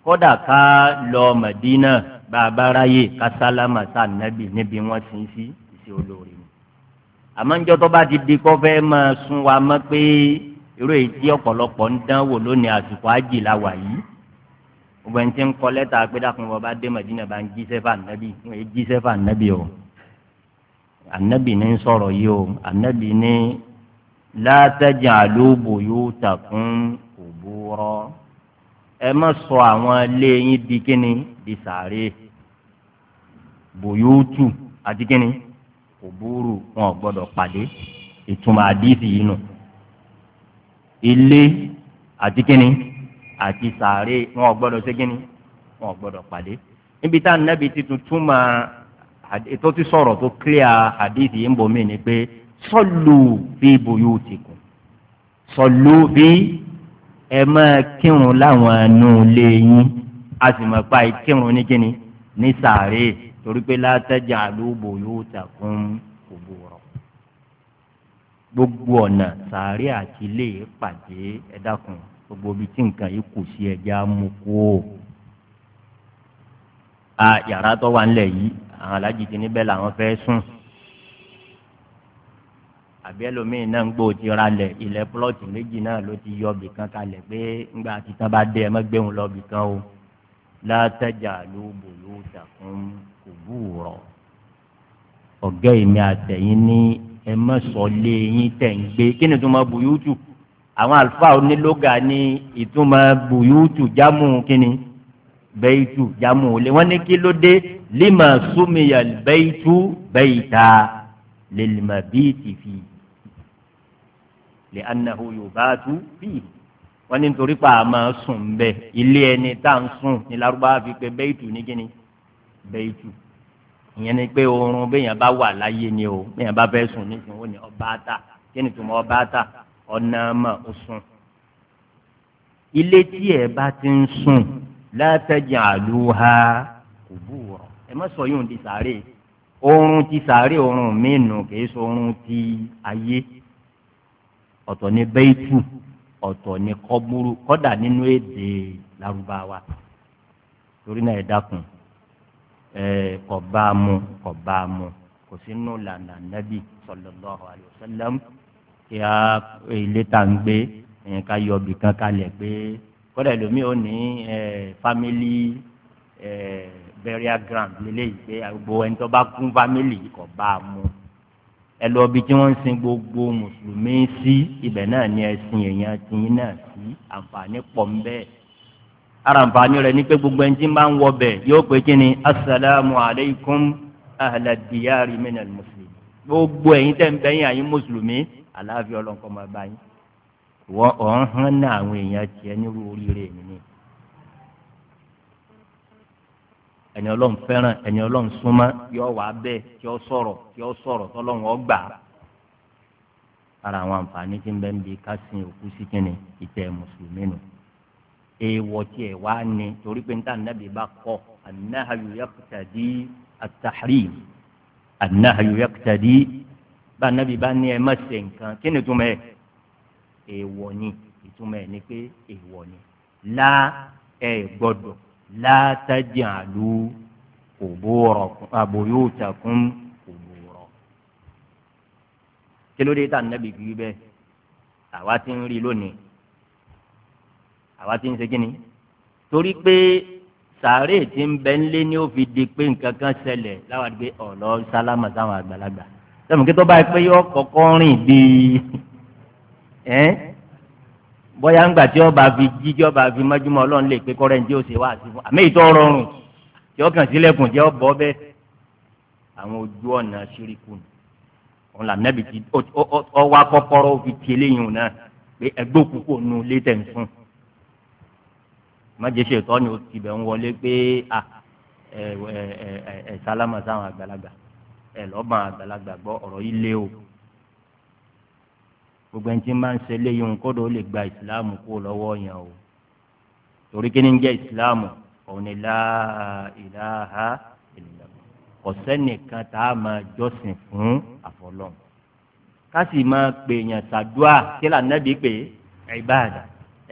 kódà ká lọ Mẹdínà bàbá ráyè ká sálámà sá anabi níbi wọ́n sin sí iṣẹ́ olóore ni àmọ́ njọ́ tó bá ti di kọ́ fẹ́ máa sun wa mọ́ pé irú èyí tí ọ̀pọ̀lọpọ̀ ń dán wò lónìí àsìkò ájì la wà yìí gbogbo ẹni tí ń kọ lẹ́tà pé dákun bọ́ bá dé Mẹ̀dínà bá ń jíṣẹ́ fún ànábì ń wọ́n jíṣẹ́ fún ànábì o ànábì ní ń sọ̀rọ̀ yìí o ànábì ní la taj'alu buyutakum qubura ẹ má sọ àwọn ilé yín di kíni di sàárè bòyó àti kíni kò búrú wọn ò gbọ́dọ̀ pàdé ìtumọ̀ àdìsí yìí nù ilé àti kínní àti sàárè wọn ò gbọ́dọ̀ ṣe kínní wọn ò gbọ́dọ̀ pàdé níbi tá ànábì ti tuntun ma ètò ti sọ̀rọ̀ tó clear àdìsí yìí ń bọ̀ mí ni pé sọ́lù fi buyutikum sọ́lù bí ẹ máa kírun láwọn ẹnu lé yín a sì máa pa ìkírun ní kínní ní sàárè torí pé látẹ́jà àlóbò yóò tàkùn òbò rọ̀ gbogbo ọ̀nà sàárẹ̀ àti ilé pàdé ẹ̀dákun gbogbo ibi tí nǹkan yìí kù sí ẹja mú kú o. a yàrá tó wà nílẹ̀ yìí àwọn alájì ti níbẹ̀ làwọn fẹ́ sùn. àbí ẹlòmíín náà ń gbó ti ra lẹ̀ ilẹ̀ púlọ̀tì méjì náà ló ti yọ ibì kan kalẹ̀ pé ńgbà tí tán bá dé ẹ má gbé lọ ibì kan o. látẹ̀jà ló bò ló dàkún qubura ọ̀gá èmi àtẹ̀yìn ní ẹ má sọ lé yín tẹ̀ ń gbé kí ni ìtumọ̀ buyutu àwọn àlùfáà onílógà ní ìtumọ̀ buyutu jámù kínní bẹ́ẹ̀tù jámù olè wọ́n ní kí ló dé lima sumiya bẹ́ẹ̀tù bẹ́ẹ̀ta lèlìmọ̀ bíi ti lè anahu yubatu fi wọ́n ní nítorí pa àmọ́ sùn bẹ́ẹ̀ ilé ẹni tá à ń sùn ní Lárúbáwá fi pé bẹ́ẹ̀tù ní kínní bẹ́ẹ̀tù ìyẹn ni pé oorun béèyàn bá wà láyé ni o béèyàn bá fẹ́ sùn nísìnyí ó ní ọba ata kí ni tùmọ̀ ọba ata ọ̀nà mà ó sùn. ilé tí ẹ bá ti ń sùn látẹ̀jà àlùhà kò bù wọ̀ ẹ má sọ yóò di sàárè oorun ti sàárè oorun mi nù kìí sọ oorun ti ayé ọ̀tọ̀ ni bẹ́ẹ̀tù ọ̀tọ̀ ni kọ́búrú kọ́dà nínú èdè lárúbáwá torí náà ẹ dákun kò bá a mu kò bá a mu kò sínú lànà nàbì sallallahu alaihi wasallam kí a ilé tá à ń gbé ká yọ ibì kan kalẹ̀ pé kódà lómi ò ní family burial ground lélẹ́yìí pé gbogbo ẹni tó bá kún family kò a mu ẹ lọ bí tí wọ́n ń sin gbogbo mùsùlùmí sí ibẹ̀ náà ni ẹ sin èèyàn tìyín náà sí àǹfààní pọ̀ ń bẹ́ẹ̀. aranfani rẹ̀ ní pé gbogbo ẹni tí ń bá ń wọ bẹ̀ yóò pé kí ni asalaamu alaykum ahla diyaari al muslim gbogbo ẹ̀yin tẹ́ ń bẹ yín àyín mùsùlùmí aláàfin ọlọ́nkọ́ máa bá yín wọ́n ọ̀hún hàn ní àwọn èèyàn tiẹ̀ nírú oríire mi ni ẹni ọlọ́run fẹ́ràn ẹni ọlọ́run súnmọ́ yọ wá bẹ́ẹ̀ kí ọ ọ sọ̀rọ̀ ara àwọn àǹfààní tí ń ń bi ká sin òkú sí kíni ìtẹ́ mùsùlùmí nù. èèwọ̀ tiẹ̀ wá ni torí pé níta nàbì bá kọ́ annahayu yaqtadi at-tahrim annahayu yaqtadi bá nàbì bá ní ẹ má ṣe nǹkan kí ni túmọ̀ ẹ̀ èèwọ̀ ni ìtumọ̀ ẹ̀ ni pé èèwọ̀ ni lá ẹ̀ gbọ́dọ̀ lá taj'alu buyutakum qubura kí ló dé tá nàbì fi bẹ́ẹ̀ àwa ti ń rí lónìí àwa ti ń ṣe kíni torí pé sàárè tí ń bẹ ńlé ni ó fi di pé nǹkan kan ṣẹlẹ̀ láwa gbé ọ̀lọ́ sálámà sáwọn àgbàlagbà sẹ́mi kí tó báyìí pé yọ kọ́kọ́ rìn bíi ẹ́ bóyá ńgbà tí ọba fi jí tí ọba fi mọ́júmọ́ ọlọ́run lè pé kọ́rẹ́ǹtì ó ṣe wá sí fún àmì ìtọ́ rọrùn tí ó kàn sílẹ̀kùn tí ó bọ́ bẹ́ẹ̀ àwọn ojú ọ̀nà ṣíríkù òun là nẹ́bi tí ọwọ́ akọ́kọ́rọ́ fi ti eléyìí náà pé ẹgbẹ́ òkú kò nu létẹ̀ ń fún un májèṣe ìtọ́ ni ó ti bẹ̀ ń wọlé pé à ẹ ẹ ẹ sálámà sáwọn àgbàlagbà ẹ lọ́bàn àgbàlagbà gbọ́ ọ̀rọ̀ yìí lé o gbogbo ẹni tí ń bá ń ṣe léyìí ń kódò ó lè gba ìsìláàmù kó lọ́wọ́ yẹn o torí kí ni ń jẹ́ ìsìláàmù òun ni la ilaha illallah kò sẹ́nìkan tá a máa jọ́sìn fún àfọlọ́n ká sì máa pè yàn sàdúà kí lànà bí pé ìbáàdà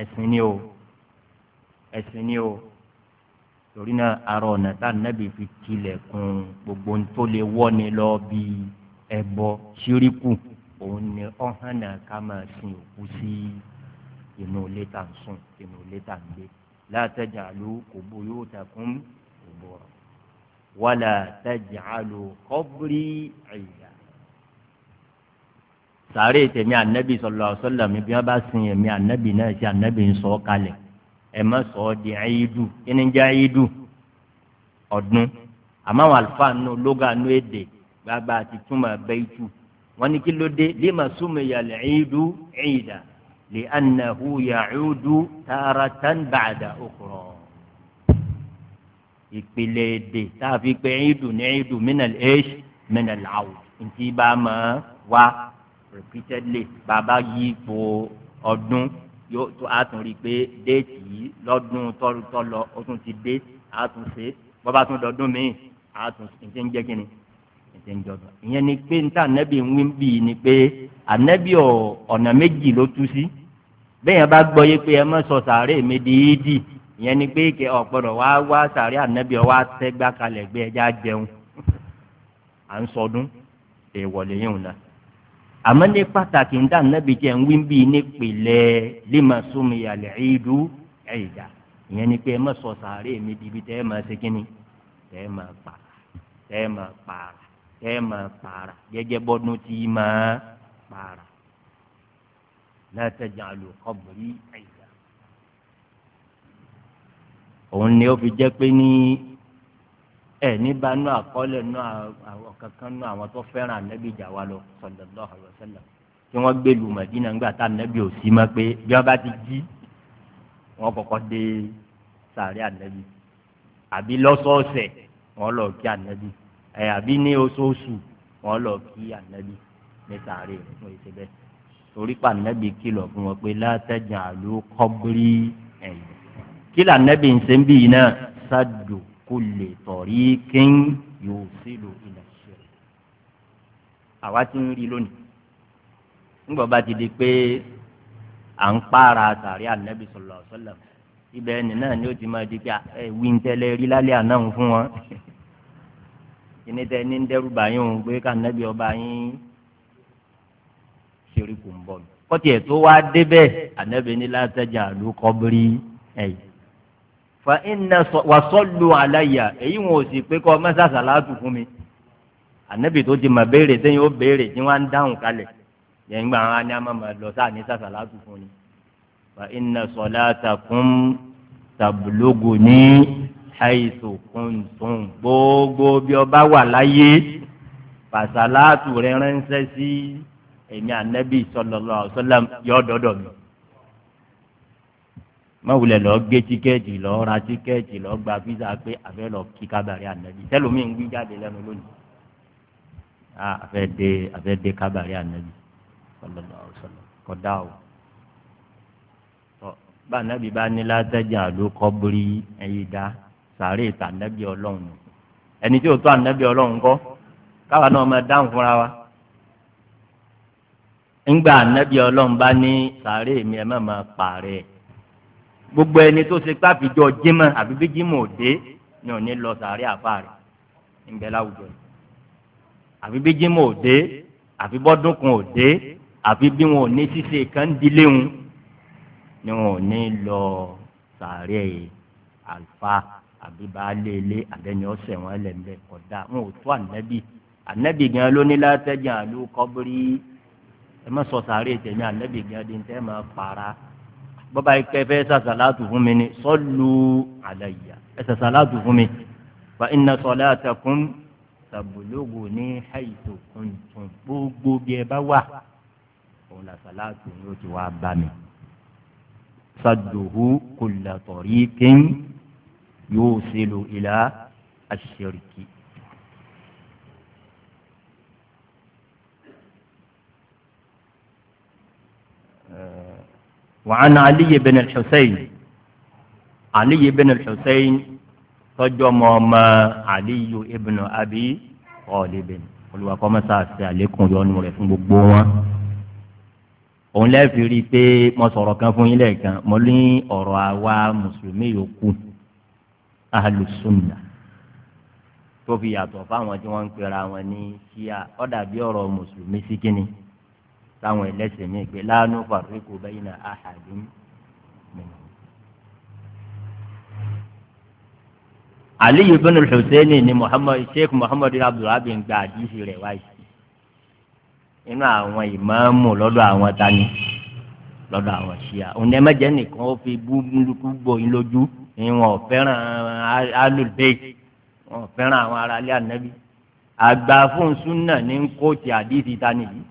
ẹ̀sìn ni o ẹ̀sìn ni o torí náà arọ ọ̀nà tá ànábì fi tilẹ̀kùn gbogbo tó lè wọ́ni lọ bí ẹbọ ṣíríkù òun ni ọ̀hán náà ká máa sin òkú sí inú ilé tá à ń sùn inú ilé tá à ń gbé la taj'alu qubuyutakum qubura wala taj'alu qabri 'ida sàárè tèmi ànábì sallallahu alaihi wasallam bí wọ́n bá sin èmi ànábì náà ṣe ànábì ń sọ ọ́ kalẹ̀ ẹ má sọ ọ di ayidu kíni jẹ ayidu ọdún àmọ́ àwọn àlùfáà nù lóga nù èdè gbàgbà àti túmọ̀ bẹ́ẹ̀tù wọn ní kí ló dé lima sumiya al-idu ida li annahu ya'udu taratan ba'da ukhra ìpìlẹ̀ èdè táàfi pé idu ní idu minal esh minal awu ntí bá máa wá repeatedly bàbá yípo ọdún yóò tó a tún rí i pé déètì yìí lọ́dún tọ́lọ́ lọ ó tún ti dé a tún ṣe bọ́ba tún dọdún míì a tún ṣe ń jẹ́ kí ni ṣe ń jọdún ìyẹn ni pé níta ànẹ́bí ń wí bíi ni pé ànẹ́bí ọ̀nà méjì ló tú sí bẹ́ẹ̀ yẹn bá gbọ́ yé pé ẹ mọ̀ sọ sàárè mi di ídì ìyẹn ni pé kẹ ọ̀pọ̀lọ̀ wá wá sàárè ànẹ́bí ọ wá tẹ́gbá kalẹ̀ gbé ẹja jẹun à ń sọdún èèwọ̀ lè yín àmọ́ ní pàtàkì ń dá nábì jẹ́ ń wí bí nípìnlẹ̀ limasumi yàlẹ̀ ìdú ẹ̀yìdá ìyẹn ni pé ẹ má sọ sàárè mi di ibi tẹ́ ẹ máa ṣe kínní tẹ́ ẹ máa pààrà tẹ́ ẹ máa pààrà tẹ́ ẹ máa pààrà gẹ́gẹ́ bọ́dún tí ì máa pààrà la taj'alu qabri ẹ̀yìdá. òun ni ó fi jẹ́ pé ní ẹ níbà nù àkọọ́lẹ̀ nù àwọn kankan nù àwọn tó fẹ́ràn ànábì jà wa lọ sallallahu alaihi wasallam tí wọ́n gbé lu Mẹdínà ńgbà tá ànábì ò sí mọ́ pé bí wọ́n bá ti jí wọ́n kọ́kọ́ dé sàárẹ̀ ànábì àbí lọ́sọ̀ọ̀sẹ̀ wọ́n lọ kí ànábì ẹ àbí ní oṣooṣù wọ́n lọ kí ànábì ní sàárẹ̀ fún èsì bẹ́ẹ̀ torí pa ànábì kìlọ̀ fún wọn pé látẹ̀jà ló kọ́ bírí ẹ̀yìn kí làǹnábì ń ṣe ń bì yìí náà ṣáàdùn kulli tariqin yusilu ila shirk. àwa ti ń rí lónìí nígbà bá ti di pé à ń pààrà sàrí ànábì sallallahu alaihi wasallam ibẹ̀ ẹni náà ni ó ti máa di pé ẹ wí rí lálẹ́ àná ń fún wọn kíní tẹ ní ń báyìí òun pé kànábì ọba yín ṣerí kò ń bọ̀ kọ́tì ẹ̀ tó wá débẹ̀ ànábì ní látẹ̀jà ló kọ́ bírí ẹ̀yìn fa inna wasallu alayya èyí wọn ò sì pé kọ mẹsàsà láàtù fún mi ànábì tó ti mà béèrè sẹyìn ó béèrè tí wọn á ń dáhùn kalẹ̀ yẹn gba àwọn àni àmàmà lọ sáà ní sàsà láàtù fún ni fa inna salatakum tablughuni haythu kuntum gbogbo bí ọba wà láyé fàṣà rẹ ránṣẹ́ sí èmi ànábì sallallahu alaihi wasallam yọ ọdọọdọ mi mọ̀wulẹ̀ lọ gé tíkẹ́ẹ̀tì lọ ra tíkẹ́ẹ̀tì lọ gba fíìsà pé àfẹ́ lọ kí kábàárì ànábì sẹ́lómi ń wí jáde lẹ́nu lónìí àfẹ́ dé àfẹ́ dé kábàárì ànábì sallallahu alaihi wasallam kódà o bá ànábì bá ní látẹ́jà ló kọ́ borí ẹyin dá sàárè tà ànábì ọlọ́run ẹni tí ó tó ànábì ọlọ́run kọ́ káwa náà máa dáhùn fúnra wa ńgbà ànábì ọlọ́run bá ní sàárè mi ẹ má máa pààrẹ̀ ẹ̀ gbogbo ẹni tó ṣe pàfijọ jimá àbí bí jimá ò dé ni ò ní lọ sàárẹ̀ àfa rẹ̀ níbẹ̀ láwùjọ yìí àbí bí jimá ò dé àfi bọ́dún kan ò dé àfi bí wọn ò ní ṣíṣe kan dílé wọn ni wọn ò ní lọ sàárẹ̀ àlùfáà àbí baálé ilé àbẹ́ni ọ̀sẹ̀ wọn lẹ́ńbẹ̀ kódà wọn ò tó ànábì ànábì gan ló ní látẹ́jà ló kọ́bírí ẹ má sọ sàárẹ̀ tẹ̀mí ànábì gan di ní tẹ́ máa para bọ́ba ikẹ́ fẹ́ sàṣàlátù fún mi ni sallu alayya ẹ sàṣàlátù fún mi fa inna salatakum tablughuni haythu kuntum gbogbo bí ẹ bá wà òun la sàṣàlátù yóò ti wá bá mi. sadduhu kulla tariqin yusilu ila ash-shirki. Uh... وعن علي بن الحسين علي بن الحسين تجمع علي ابن أبي طالب olùwàkọ́ mọ́sáàsì àlékún yọnu rẹ̀ مرفون gbogbo wọn òun lẹ́ẹ̀fì rí i pé mo sọ̀rọ̀ kan fún yín lẹ́ẹ̀kan mo ní ọ̀rọ̀ àwa mùsùlùmí yòókù alùsùnà tó fi yàtọ̀ fáwọn tí wọ́n ń pera wọn ní ṣíà ó dàbí ọ̀rọ̀ mùsùlùmí sí kínní táwọn ẹlẹ́sìn mi pé láàánú fàríkù bayna ahadin minhum. Aliyu bin Hussein ni Muhammad Sheikh Muhammad Abdullahi bin gba àdìsí rẹ̀ wáyé inú àwọn ìmáàmù lọ́dọ̀ àwọn tani lọ́dọ̀ àwọn ṣíà òun ẹ mẹ́jẹ nìkan ó fi búburú gbòyìn lójú ìwọ̀n fẹ́ràn alùbẹ́ẹ̀ wọn àwọn aráalé ànábì àgbà fún súnà ní kóòtù àdìsí tani yìí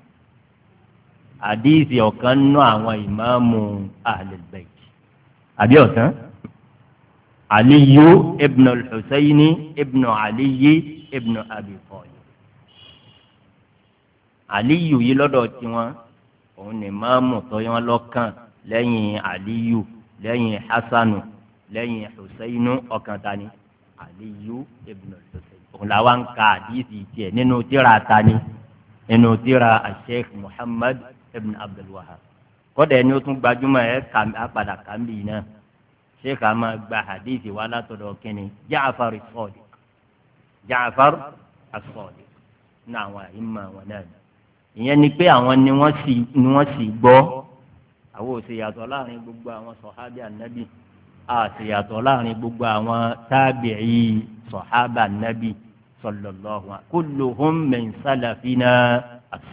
àdíìsì ọ̀kan nú àwọn ìmáàmù àlèbẹ̀t àbí ọ̀tán aliyu ibn al-husayni ibn aliyi ibn abi talib aliyu yìí lọ́dọ̀ tiwọn òun ni ìmáàmù tọ́yọ́ lọ́kàn lẹ́yìn aliyu lẹ́yìn hasanu lẹ́yìn husaynu ọ̀kan tani aliyu ibn al-husayni òun làwọn ń ka àdíìsì tiẹ̀ nínú tíra tani nínú tíra al muhammad ibn abdul wahab kọ́dà ẹni ó tún gbajúmọ̀ ẹ̀ kà á padà kà ń bì yìí náà sheikh ama gba hadithi wa látọ̀dọ̀ kínní jaafar sọ̀dì jaafar asọ̀dì ní àwọn àyínmọ̀ àwọn náà ìyẹn ni pé àwọn ni wọ́n sì ni wọ́n sì gbọ́ àwọn òṣèyàtọ̀ láàrin gbogbo àwọn sọ̀hábì ànábì àṣèyàtọ̀ láàrin gbogbo àwọn tábìí sọ̀hábà ànábì sallallahu kulluhum min salafina as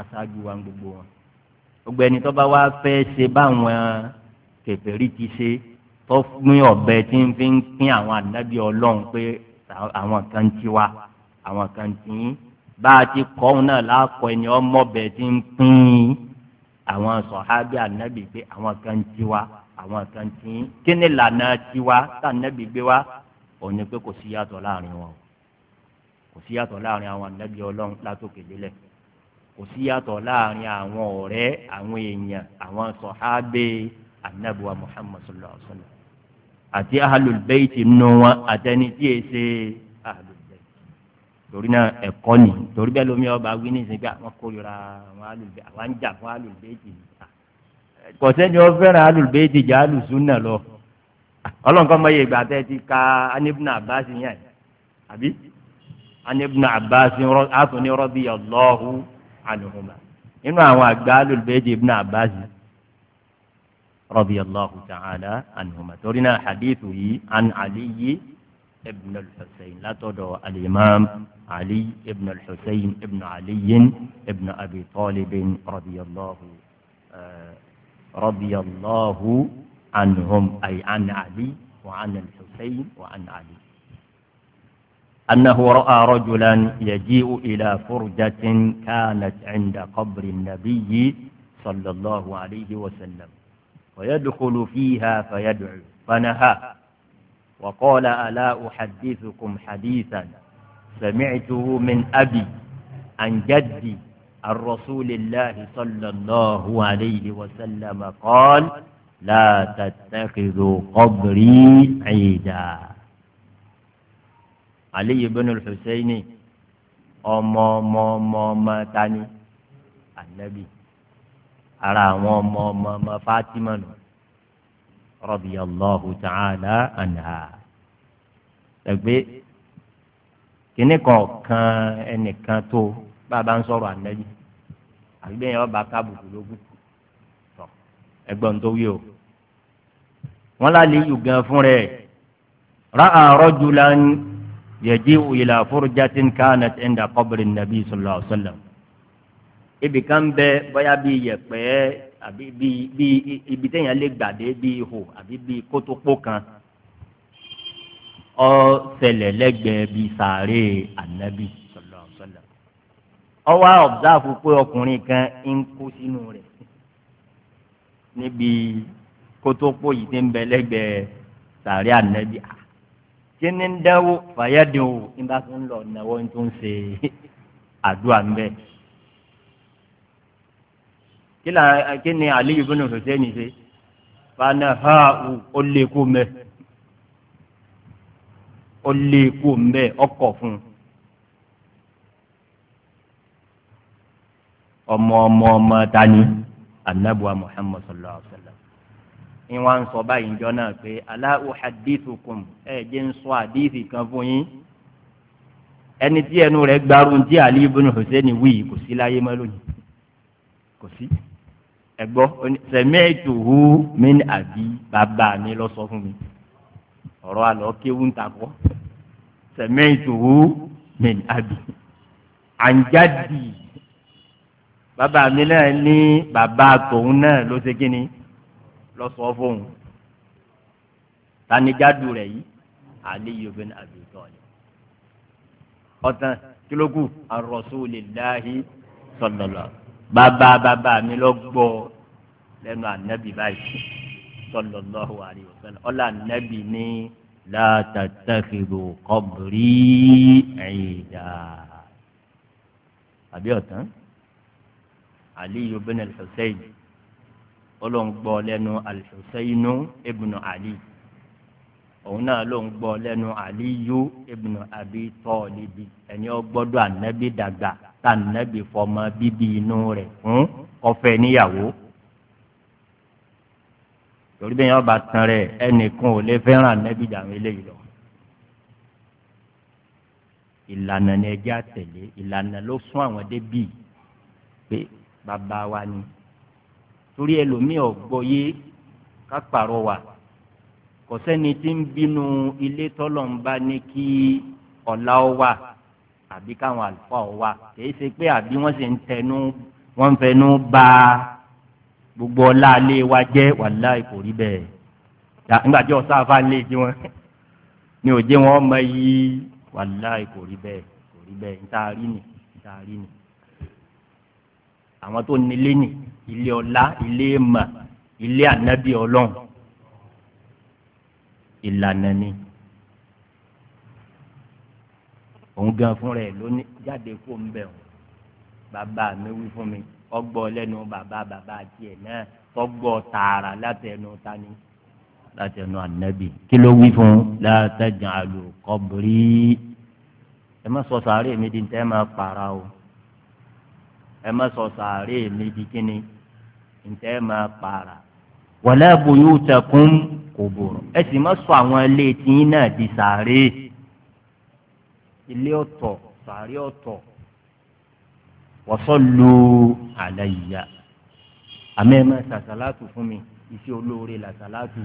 aṣáájú wa gbogbo wọn gbogbo ẹni tó bá wá fẹ́ ṣe báwọn kèfèrí ti ṣe tó pín ọ̀bẹ tí ń fi ń pín àwọn ànábì ọlọ́run pé àwọn kan ti wa àwọn kan ti yín bá a ti kọ́ òun náà lákọ̀ ẹni ọmọbẹ tí ń pín àwọn sọ̀hábì ànábì pé àwọn kan ti wa àwọn kan ti yín kí ni lànà tiwa tá ànábì gbé wa òun ni pé kò síyàtọ̀ láàrin wọn kò síyàtọ̀ láàrin àwọn ànábì ọlọ́run látòkè délẹ̀ kò sí yàtọ̀ láàrin àwọn ọ̀rẹ́ àwọn èèyàn àwọn sọ̀hábẹ́ anabuwa muhammad sallallahu alaihi wa sallam àti ahlul bayti nù wọn àtẹni tí e ṣe ahlul bayti torí náà ẹ̀kọ́ ni torí bẹ́ẹ̀ lómi ọba wí ní ìsìn pé àwọn kórìíra àwọn ahlul bayti àwọn ń jà fún ahlul bayti kọ̀sẹ́ni ó fẹ́ràn ahlul bayti jà ahlus lọ ọlọ́nkọ́ mọ̀ yẹ ìgbà tẹ́ ti ka anibuna abasi yẹn àbí anibuna abasi asuni rọ́bì yàlọ́hu. anhuma nínú àwọn àgbà alùbẹ́dì ibn abbas radiyallahu ta'ala anhuma torí náà hadithu yìí an aliyi ibn al-husayn látọ̀dọ̀ al-imam ali ibn al-husayn ibn aliyin ibn abi talibin radiyallahu radiyallahu anhum ay an ali wa an al-husayn wa an ali. أنه رأى رجلا يجيء إلى فرجة كانت عند قبر النبي صلى الله عليه وسلم ويدخل فيها فيدعو فنهى وقال ألا أحدثكم حديثا سمعته من أبي عن جدي عن رسول الله صلى الله عليه وسلم قال لا تتخذوا قبري عيدا Aliyu bin al-Husaini ọmọ ọmọ ọmọ ọmọ tani anabi ara àwọn ọmọ ọmọ ọmọ Fatima nù radiyallahu ta'ala anha ẹgbẹ́ kìnnì kọ̀ọ̀kan ẹnìkan tó bàbá ń sọ̀rọ̀ anabi àgbẹ̀ yẹn ọba kábùkù lógún tọ̀ ẹgbọ́n tó wí o wọ́n lálẹ́ yìí gan fún rẹ̀ ra'a rajulan yẹjiwu ilà fúrújátin kánat ẹ̀ndà kọ́bìrì nàbí sọlá ọ̀sọ́lá ibì kan bẹ bóyá bí yẹ̀pẹ̀ àbí bí ibi téèyàn lè gbàdé bí ihò àbí bí kótópó kan ó ṣẹlẹ̀ lẹ́gbẹ̀ẹ́ bí sàárè ànábì sọlá ọ̀sọ́lá ó wá ọ̀bùdáàfù pé ọkùnrin kan ń kó sínú rẹ̀ níbi kótópó yìí ti ń bẹ lẹ́gbẹ̀ẹ́ sàárè ànábì kí ni ń dẹ́wó fàyẹ́dìn o nígbà tó ń lọ náwó tó ń ṣe àdúrà ńbẹ. kí ni Aliyu bin Hussein ṣe fana ha ó lé kú mẹ ó lé kú mẹ ọkọ̀ fún ọmọ ọmọ ọmọ tani anabuwa Muhammad sallallahu alaihi wa sallam ni wọn sọ báyìí njọ náà pé ala uhaddithukum ẹ jẹ́ ń sọ àdìsí kan fún yín ẹni tí ẹnu rẹ̀ gbarun tí ali ibn hussein wí kò sí láyé mọ́ lónìí kò sí ẹ gbọ́ sami'tuhu min abi bàbá mi lọ sọ fún mi ọ̀rọ̀ àlọ́ kéwù ń ta kọ́ sami'tuhu min abi an jaddi bàbá mi náà ní bàbá tòun náà ló ṣe kí ni lọsọ fóun tanijadu rẹ yìí aliyu bin abi talib ọtàn kílógù arọsúlélàhí sọlọlọ bàbá bàbá mi lọ gbọ́ lẹ́nu anabi báyìí sọlọlọhu alayhi wa sallam ọlọ anabi ní látàtàkìlù kọbìrì ẹyìdá àbí ọtàn aliyu bin al ọlọ́run gbọ́ lẹ́nu alḥusainu ibnu ali òun náà ló ń gbọ́ lẹ́nu aliyu ibnu abi tọ́ọ̀lìbì ẹni ó gbọ́dọ̀ ànábì dàgbà tá ànábì fọmọ bíbí inú rẹ̀ fún ọ̀fẹ́ níyàwó torí bẹ́ẹ̀ yẹn bá tán rẹ̀ ẹnìkan ò lè fẹ́ràn ànábì dàwọn eléyìí lọ. ìlànà ni ẹjẹ́ àtẹ̀lé ìlànà ló sún àwọn débì pé bàbá wa ni torí ẹlòmíì ọ̀gbọ́yé kápárọ̀wà kò sẹ́ni tí ń bínú ilé tọ́lọ̀ ń bá ní kí ọ̀la ọ wà àbí káwọn àlùfáà ọ wà kìí ṣe pé àbí wọ́n sì ń tẹnu wọ́n ń fẹnu ba gbogbo ọlá alẹ́ wa jẹ́ wàláì kò rí bẹ́ẹ̀ nígbà tí ọ̀sán afá jí wọn ni ò jẹ́ wọn mọ iyì wàláì kò rí bẹ́ẹ̀ kò rí bẹ́ẹ̀ ń taari nì ń taari nì àwọn tó nílé nì ilé ọlá ilé mà ilé ànábì ọlọ́run ìlànà ni òun gan fúnra ẹ̀ ló ní jáde kó ń bẹ̀ wọn bàbá mi wí fún mi ọgbọ́ lẹ́nu bàbá bàbá tiẹ̀ náà fọgbọ́ tààrà láti ẹnu tani láti ẹnu ànábì kí ló wí fún látàjà àlò kọbírí ẹ má sọ sàárè mi di tẹ́ ẹ má para o ẹ má sọ sàárè mi di kíni ntẹ́ máa pààrà wala buyutakum qubur ẹ sì má sọ àwọn ilé tiyín náà di sàárè ilé ọ̀tọ̀ sàárè ọ̀tọ̀ wa sallu alayya àmì ẹ̀ sàṣàlátù fún mi iṣẹ́ olóore làṣàlátù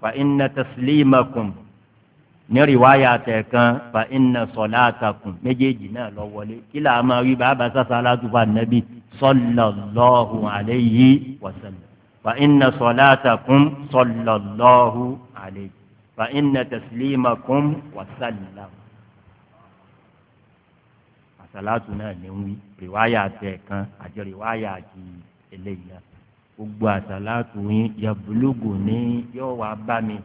fa inna taslimakum ní rìwáyà tẹ̀kan fa inna salatakum méjèèjì náà lọ wọlé kí là á máa wí bàbá sàṣà aláàtúfà nàbí sallallahu alayhi wa sallam fa inna salatakum sallallahu alayhi fa inna taslimakum wa sallam. àṣàlátù náà ní wí rìwáyà tẹ̀kan àti rìwáyà ti eléyìí gbogbo àṣàlátù yín yabulugu ní yóò wá bá mi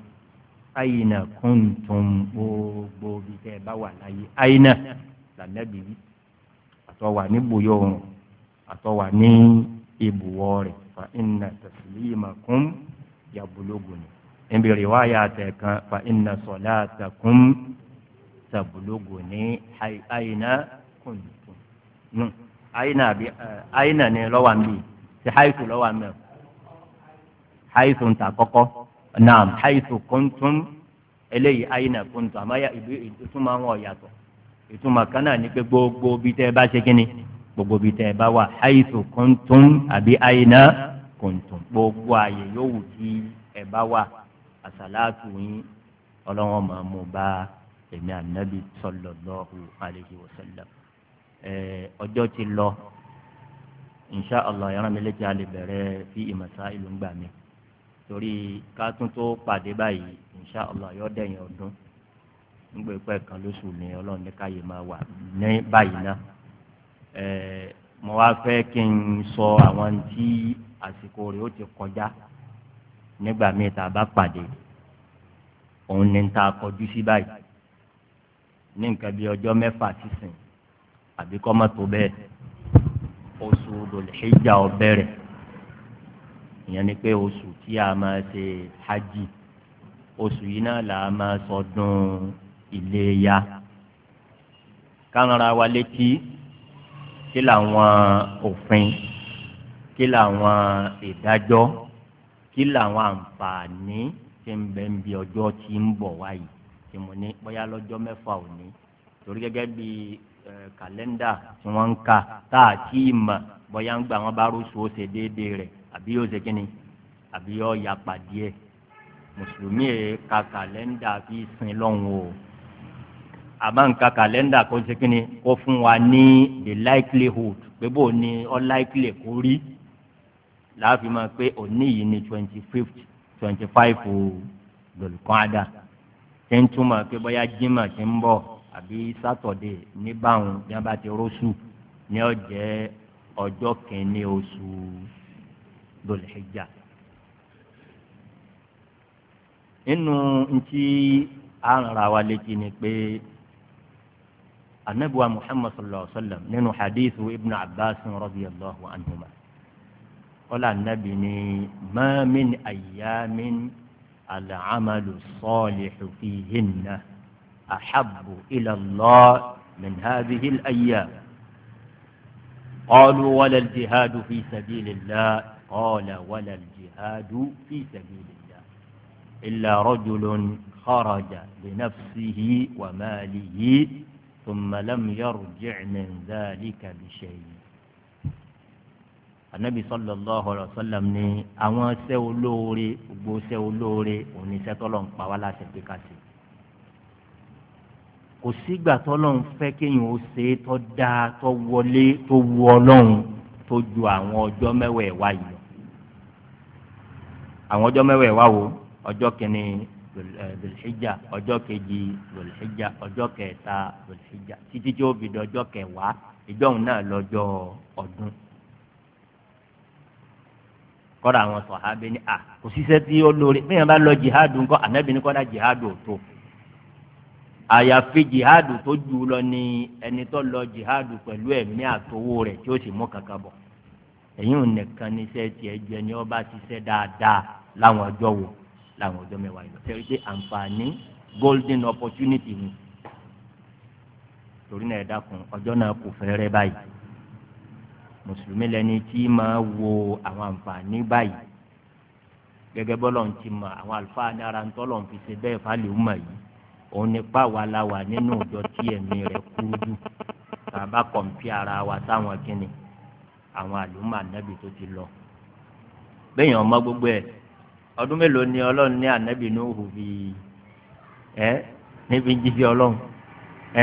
àyìnà kùntùn gbogbo bí tẹ́ bá wà láyé àyìnà lànàbí àtọwà ní bòyọ òrùn àtọwà ní ibùwọ̀ rẹ̀ fa inna taslimakum yabuluguni níbi rìwáyà tẹ̀kan fa inna salatakum tabuluguni àyìnà kùntùn nù àyìnà àbí àyìnà ni lọ́wọ́ àmì ti haitu lọ́wọ́ àmì haitu ń naam haythu kuntum eléyìí ayna kuntum àmọ́ ibi ìtumọ̀ àwọn ọ̀yàtọ̀ ìtumọ̀ kan náà ni pé gbogbo bí tẹ́ ẹ bá ṣe kíni gbogbo bí tẹ́ ẹ bá wà haythu kuntum àbí ayna kuntum gbogbo àyè yòówù tí ẹ bá wà àsàlátù yín ọlọ́wọ́n máa mú bá èmi ànábì sallallahu alayhi wa sallam ọjọ́ ti lọ insha yàrá mi létí a lè bẹ̀rẹ̀ fi masailu ń gbà mí. torí ká tó pàdé báyìí insha allah yóò dẹ̀yìn ọdún nígbà pẹ́ kan lóṣù ní ọlọ́run ní káyé máa wà ní báyìí náà ẹ̀ẹ́ mo wá fẹ́ kí n sọ àwọn tí àsìkò rẹ̀ ó ti kọjá nígbà míì tá a bá pàdé òun ni ta kọjú sí báyìí ní nǹkan bíi ọjọ́ mẹ́fà sísìn àbí ìyẹn ni pé oṣù tí a máa ṣe hajj oṣù yìí náà là á máa sọdún iléyá kánra wa létí kí làwọn òfin kí làwọn ìdájọ́ kí làwọn àǹfààní tí ń bẹ ń bi ọjọ́ tí ń bọ̀ wáyìí tí mo ní bóyá lọ́jọ́ mẹ́fà òní torí gẹ́gẹ́ bí kàlẹ́ndà tí wọ́n ń kà tá a kì í mọ̀ bóyá ń gbà wọ́n bá rúṣu ó ṣe déédéé rẹ̀ àbí yóò ṣe kínni àbí yóò yapa díẹ̀ mùsùlùmí ẹ̀ ka kàlẹ́ndà fi sin lọ́hùn o àmọ́ nǹkan kàlẹ́ndà kó ṣe kínni fún wa ní the likelihood pé bò ní unlikely kó rí láàfin máa pé òní yìí ni twenty fifth twenty five o lòlùkọ́ádà ṣé ń túmọ̀ pé bóyá jimá ti ń bọ̀ àbí sátọ̀dé níbàwọn bí wọ́n bá ti rọ́ṣù ní ọ̀jẹ́ ọjọ́ kìíní oṣù. ذو الحجة إنه إنتي أنا راوالتي نبي النبوة محمد صلى الله عليه وسلم لأنه حديث ابن عباس رضي الله عنهما قال النبي ما من أيام العمل الصالح فيهن أحب إلى الله من هذه الأيام قالوا ولا الجهاد في سبيل الله قال ولا الجهاد في سبيل الله إلا رجل خرج بنفسه وماله ثم لم يرجع من ذلك بشيء anabi sallallahu alayhi wa sallam ni àwọn iṣẹ́ olóore gbogbo iṣẹ́ olóore òun ni iṣẹ́ tọ́lọ̀ ń pa wá láti pé ká ṣe kò sígbà tọ́lọ̀ ń fẹ́ kéèyàn ó ṣe é tọ́ dáa tọ́ wọlé tó wu ọlọ́run tó ju àwọn ọjọ́ mẹ́wẹ̀ẹ́ wá yìí àwọn ọjọ́ mẹ́wẹ̀ẹ̀wá wo ọjọ́ kìíní zulhijja eh, ọjọ́ kejì zulhijja ọjọ́ kẹta zulhijja títí tí ó fi di ọjọ́ kẹwàá ìjọhùn náà lọ́jọ́ ọdún kọ́ra àwọn sọ̀hábẹ́ ni à kò síṣẹ́ tí ó lórí bí yẹn bá lọ jihadu ńkọ́ ànábì ní kọ́ra jihadu tó àyàfi jihadu tó jù lọ ní ẹni tó lọ jihadu pẹ̀lú ẹ̀mí àtowó rẹ̀ tí ó sì mú kankan bọ̀ èyí ò nìkan níṣẹ́ tiẹ̀ jẹ ni ọba ṣiṣẹ́ dáadáa láwọn ọjọ́ wo láwọn ọjọ́ mẹ́wàá yìí tẹ́lẹ̀ pé àǹfààní golden opportunity ni torí náà ẹ dákun ọjọ́ náà kò fẹ́rẹ́ báyìí mùsùlùmí lẹni tí máa wo àwọn àǹfààní báyìí gẹ́gẹ́ bọ́lọ̀ ń ti mọ àwọn àlùfáà dára ń tọ́lọ̀ ń fi ṣe bẹ́ẹ̀ fálẹ̀ ń mọ̀ yìí òun ni páwa la nínú ọjọ́ tí ẹ̀mí rẹ̀ kúrú jù tàbá kọ̀m̀pí ara wa sáwọn kínni àwọn àlùmọ̀ ànábì tó ti lọ bẹ́ẹ̀ yẹn ọmọ gbogbo ẹ̀ ọdún mélòó ni ọlọ́run ní ànábì Nuhu bí ẹ níbi jíjí ọlọ́run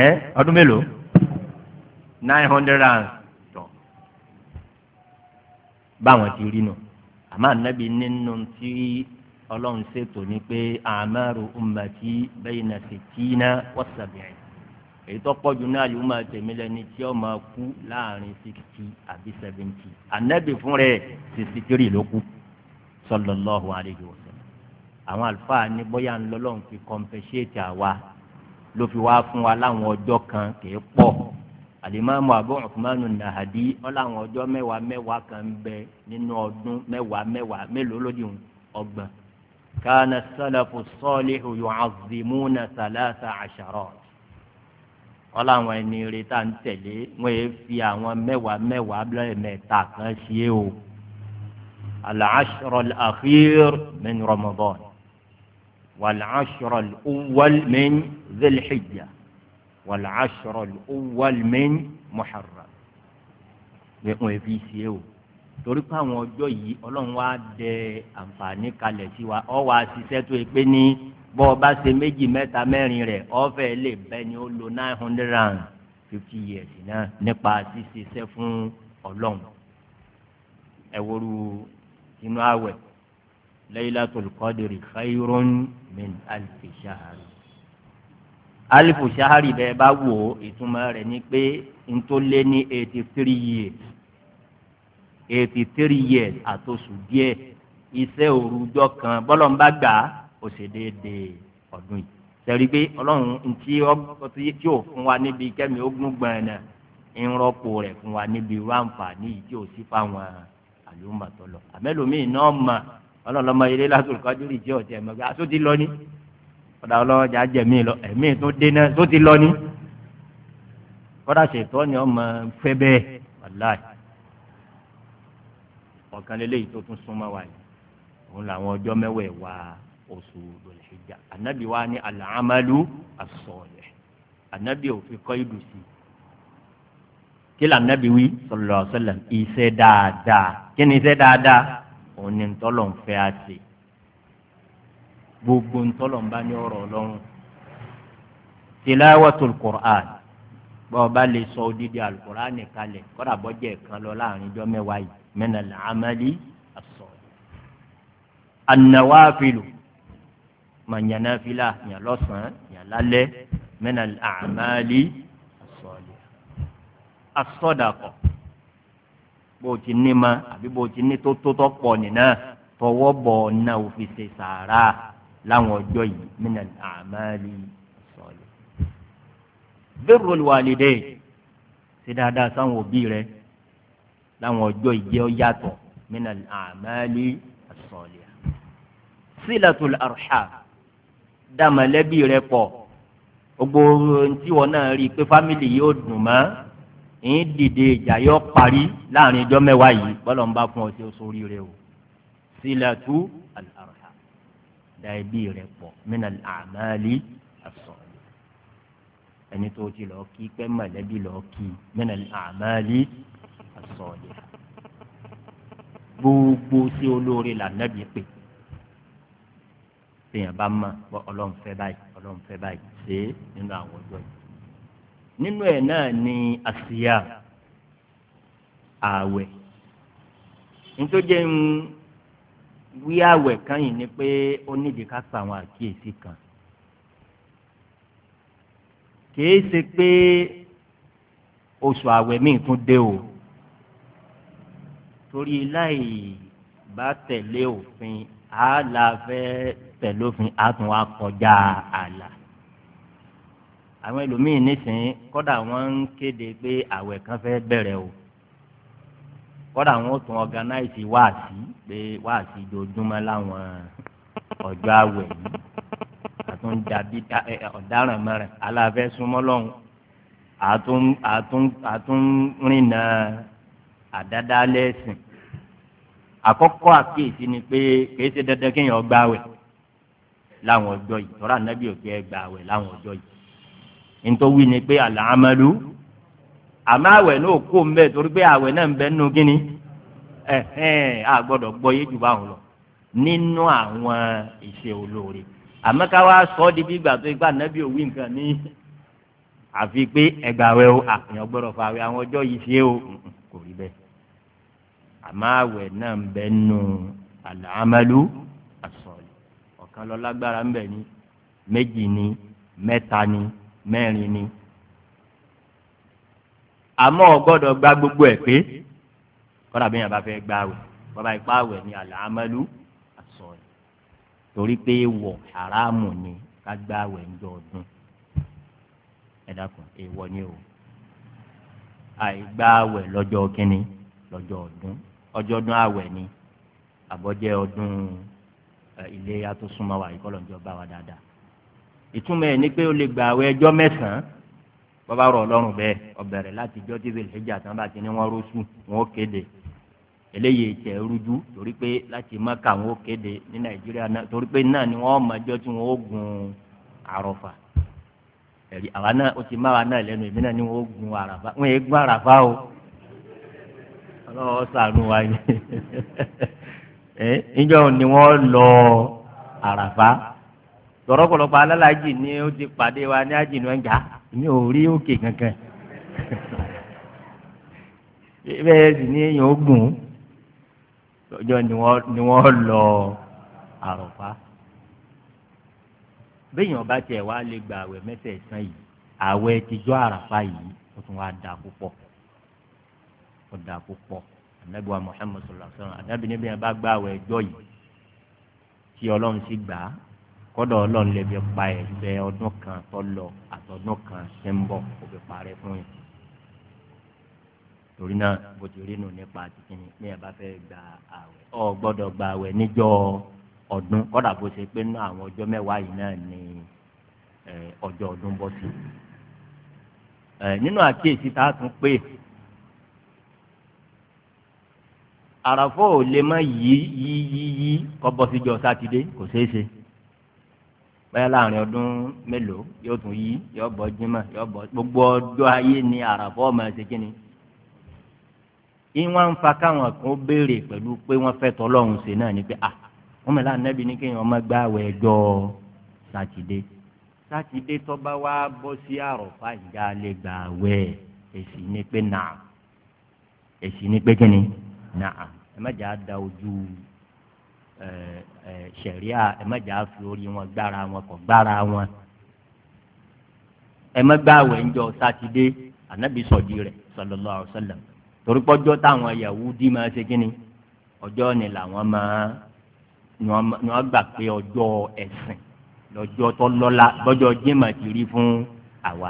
ẹ ọdún mélòó nine hundred and tọ báwọn ti rí nù àmọ́ ànábì nínú tí ọlọ́run ṣètò ni pé àmàrò ummati bayna sittina wa sab'in èyí tó pọ̀jù náà yóò máa tẹ̀mí lẹ́ni tí ó máa kú láàrin sixty àbí seventy ànábì fúnra ẹ̀ sixty three ló kú sallallahu alayhi wa sallam àwọn àlùfáà ní bóyá ń lọ́lọ́ fi kọ́mpẹ́ṣẹ́ẹ̀tì àwa ló fi wá fún wa láwọn ọjọ́ kan kìí pọ̀ alimami abu ọkumanu nahadi ọlọ́wọ́n ọjọ́ mẹ́wàá mẹ́wàá kan bẹ nínú ọdún mẹ́wàá mẹ́wàá mélòó lódì ọgbọ̀n kana salafu salihu yu'azzimuna salasa asharat wọ́n ẹni retá ń tẹ̀lé wọ́n yéé fi àwọn mẹ́wàá mẹ́wàá lẹ́ẹ̀mẹ́ta kan ṣe é o العشر الأخير من رمضان والعشر الأول من ذي الحجة والعشر الأول من محرم wọ́n fi ṣe torí pé àwọn ọjọ́ yìí ọlọ́run wá dẹ àǹfààní kalẹ̀ sí wa ọ wá ṣiṣẹ́ tó yẹ pé ní bọ́ ọ bá ṣe méjì mẹ́ta mẹ́rin rẹ̀ ọ̀fẹ́ lè bẹ́ ni ó lo nine hundred and fifty years náà nípa ṣíṣiṣẹ́ fún ọlọ́run ẹ inú àwẹ̀ Laylatul Qadri khayrun min alfi shahari alifu shahari bẹ́ẹ̀ bá wò ó ìtumọ̀ rẹ̀ ni pé n tó lé ní eighty three years eighty three years àtòsù díẹ̀ iṣẹ́ òrùjọ kan bọ́lọ̀ ń bá gbà á ọdún yìí sẹ́rí pé ọlọ́run ntí ọtí tí ò fún wa níbi kẹ́mi ogún gbọ̀n náà ń rọ́pò rẹ̀ fún wa níbi irú àǹfààní yìí tí ò àlùmọ̀ tó lọ àmẹ́lòmíì náà mà ọlọ́lọ́mọ ilé látò kájúrì jẹ́ ọ̀tẹ̀ mọ̀gbẹ́ àtó ti lọ ní kọ́dà ọlọ́jà jẹ̀mí lọ ẹ̀mí tó dé náà tó ti lọ ní kọ́dà ṣètọ́ ni ọmọ fẹ́ bẹ́ẹ̀ wàláì ọ̀kan lélẹ́yìí tó tún súnmọ́ wa yìí òun làwọn ọjọ́ mẹ́wẹ̀ẹ́ wa oṣù lòlẹ́jà ànábì wa ní al-amalu as-salih ànábì òfin kọ́ ìdùsí kí là nàbí wí sallallahu alaihi wasallam iṣẹ́ dáadáa kí ni iṣẹ́ dáadáa òun ni ntọ́lọ̀ ń fẹ́ àti gbogbo ntọ́lọ̀ ń bá ní ọ̀rọ̀ ọlọ́run tilawatul Qur'an bọ́ọ̀bá lè sọ odidi alukur'an kalẹ̀ kọ́dà bọ́jẹ̀ kan lọ láàrin ijọ́ mẹ́wàá yìí min al-amali as-salih an-nawafilu mànyànáfílà yàn lọ́sàn-án yàn lálẹ́ min al-a'mali asọ́dàkọ̀ bó o ti ní ma àbí bó o ti ní tó tó tọ́ pọ̀ nìna fọwọ́ bọ̀ ọ̀nà òfin ṣe sàárà láwọn ọjọ́ yìí mínà àmàlì sọ̀lẹ̀. birrul walidayn ṣe dáadáa sáwọn òbí rẹ láwọn ọjọ́ ìjẹ́ ọ yàtọ̀ mínà àmàlì sọ̀lẹ̀. sílàtul arham dá rẹ pọ̀ gbogbo ntí wọn náà rí i pé fámìlì yóò dùn mọ́ ń dìde ìjà yọ parí láàrin ọjọ́ mẹ́wàá yìí bọ́lọ̀ ń bá fún ọ sí sórí rẹ o sílẹ̀tú àlàrà dàbí rẹ pọ̀ mẹ́nà àmàlí àsọ̀rọ̀ ẹni tó ti lọ kí pẹ́ mọ̀lẹ́bí lọ kí mẹ́nà àmàlí àsọ̀rọ̀ gbogbo sí olóore lànàbí pé téèyàn bá mọ̀ ọlọ́run fẹ́ báyìí ọlọ́run fẹ́ báyìí ṣe é nínú àwọn ọjọ́ yìí nínú ẹ̀ náà ni àsíyá ààwẹ̀ nítorí ń wí ààwẹ̀ kan yìí ni pé ó nídìí ká pa àwọn àkíyèsí kan kìí ṣe pé oṣù ààwẹ̀ míì tún dé o torí láì bá tẹ̀lé òfin àá la fẹ́ tẹ̀lé òfin àá tún wá kọjá ààlà àwọn ẹlòmíì nísìnyí kọ́dà wọ́n ń kéde pé àwẹ̀ kan fẹ́ bẹ̀rẹ̀ o kọ́dà wọ́n tún ọ̀gánáìsì wáàsí pé wáàsí dojúmọ́ láwọn ọjọ́ àwẹ̀ yìí àtún dàbí ọ̀daràn mẹ́rin aláfẹ́ súnmọ́ lọ́hùn àtún àtún àtún rìnà àdáda lẹ́sìn àkọ́kọ́ àkíyèsí ni pé kìí ṣe dandan kéèyàn gbààwẹ̀ láwọn ọjọ́ yìí tọ́ra nábì òkè gbààwẹ̀ láwọn ọjọ́ yìí nítorí ni pé àlàámẹ́lú àmọ́ àwẹ̀ náà kó ń bẹ̀ torí pé àwẹ̀ náà ń bẹ nínú kínní ẹ̀hẹ́n a gbọ́dọ̀ gbọ́ yé jù báwọn lọ nínú àwọn ìṣe olóore àmọ́ ká wá sọ ọ́ di bí ìgbà tó ipá nẹ́bí òwì nǹkan ní àfi pé ẹgbàáwẹ̀ o àyàn gbọ́dọ̀ fàwé àwọn ọjọ́ yìí ṣe o kò rí bẹ́ẹ̀ àmọ́ àwẹ̀ náà ń bẹ nínú àlàámẹ́lú àsọ̀lẹ̀ ọ̀kan lọ lágbára ń bẹ ní méjì ní mẹ́ta ní mẹ́rin ni àmọ́ ọ gbọ́dọ̀ gba gbogbo ẹ̀ pé kọ́dà bí yẹn bá fẹ́ gbà wẹ̀ bàbá ipá wẹ̀ ni àlàámẹ́lú àsọ ẹ̀ torí pé wọ̀ haramu ni ká gbà wẹ̀ ń jọ ọdún ẹ dákun èèwọ̀ ni o àìgbà wẹ̀ lọ́jọ́ kínní lọ́jọ́ ọdún ọjọ́ ọdún àwẹ̀ ni àbọ̀jẹ́ ọdún ilé yàtọ̀ súnmọ́ wa ìkọlọ̀ ń wa dáadáa ìtumọ̀ ẹ̀ ni pé o lè gba àwọn ẹjọ́ mẹ́sàn-án bàbá rọ̀ ọlọ́run bẹ́ẹ̀ ọ̀bẹ̀rẹ̀ láti jọ́ tíbi ìlẹ́jà tán bá ti ní wọ́n rọ́ṣù wọn ó kéde eléyìí tẹ̀ rújú torí pé láti mọ́kà wọn ó kéde ní nàìjíríà náà torí pé náà ni wọ́n mọ̀jọ́ tí wọ́n ó gun àrọ̀fà ẹ̀rí àwa náà ó ti má wa náà lẹ́nu èmi náà ni wọ́n ó gun àràfà wọ́n yẹ gun àràfà o ọlọ́wọ́ sànù wa yẹn ẹ̀ níjọ́ ni wọ́n lọ àràfà tọ̀rọ̀pọ̀lọpọ̀ alálàájì ni ó ti pàdé wa ní àjìnú ẹ̀ǹgà mi ò rí òkè kankan bẹ́ẹ̀ sì ni èèyàn ó gùn lọ́jọ́ ni wọ́n lọ àròfá béèyàn bá tiẹ̀ wá lè gba àwẹ̀ mẹ́sẹ̀ẹ̀sán yìí àwẹ̀ tijọ́ àràfá yìí ó tún wá da púpọ̀ ó da púpọ̀ anabi wa muhammadu sallallahu anabi níbi yẹn bá gba àwẹ̀ ẹjọ́ yìí tí ọlọ́run sì gbà á kọ́dọ̀ ọlọ́run lè fi pa ẹ̀ṣẹ̀ ọdún kan tó lọ àtọdún kan tí ń bọ̀ kó fi parẹ́ fún yín torí náà bó ti rí nù nípa tìkìnnì ní ẹ bá fẹ́ gba àwẹ̀ ọ gbọ́dọ̀ gba àwẹ̀ níjọ́ ọdún kọ́dà bó ṣe pé nínú àwọn ọjọ́ mẹ́wàá yìí náà ni ọjọ́ ọdún bọ́ sí nínú àkíyèsí tá a tún pè àràfọ́ ò lè má yí yí yí kọ́ bọ́ síjọ́ sátidé kò ṣeé ṣe. báyà láàrin ọdún mélòó yóò tún yí yóò bọ́ jimá yóò bọ́ gbogbo ọjọ́ ayé ni àràfọ́ ọmọ ẹsẹ̀ kínní. ìwọ̀n ń fa káwọn kan béèrè pẹ̀lú pé wọ́n fẹ́ tọ́lọ́run ṣe náà ni pé à wọ́n mẹ́lá ní kéèyàn ọmọ gbá sátidé sátidé bọ́ sí lè gbà èsì ni pé jà da ojú ṣẹ̀ríà ẹ má jà fi orí wọn gbára wọn kò gbára wọn ẹ má gbààwẹ̀ ńjọ́ sátidé ànábì sọ̀dí rẹ̀ sallallahu alaihi wasallam torípọ́jọ́ táwọn Yahudi máa ṣe kínni ọjọ́ ni làwọn máa ni wọ́n gbà pé ọjọ́ ẹ̀sìn lọ́jọ́ tó lọ́la lọ́jọ́ jimá ti rí fún àwa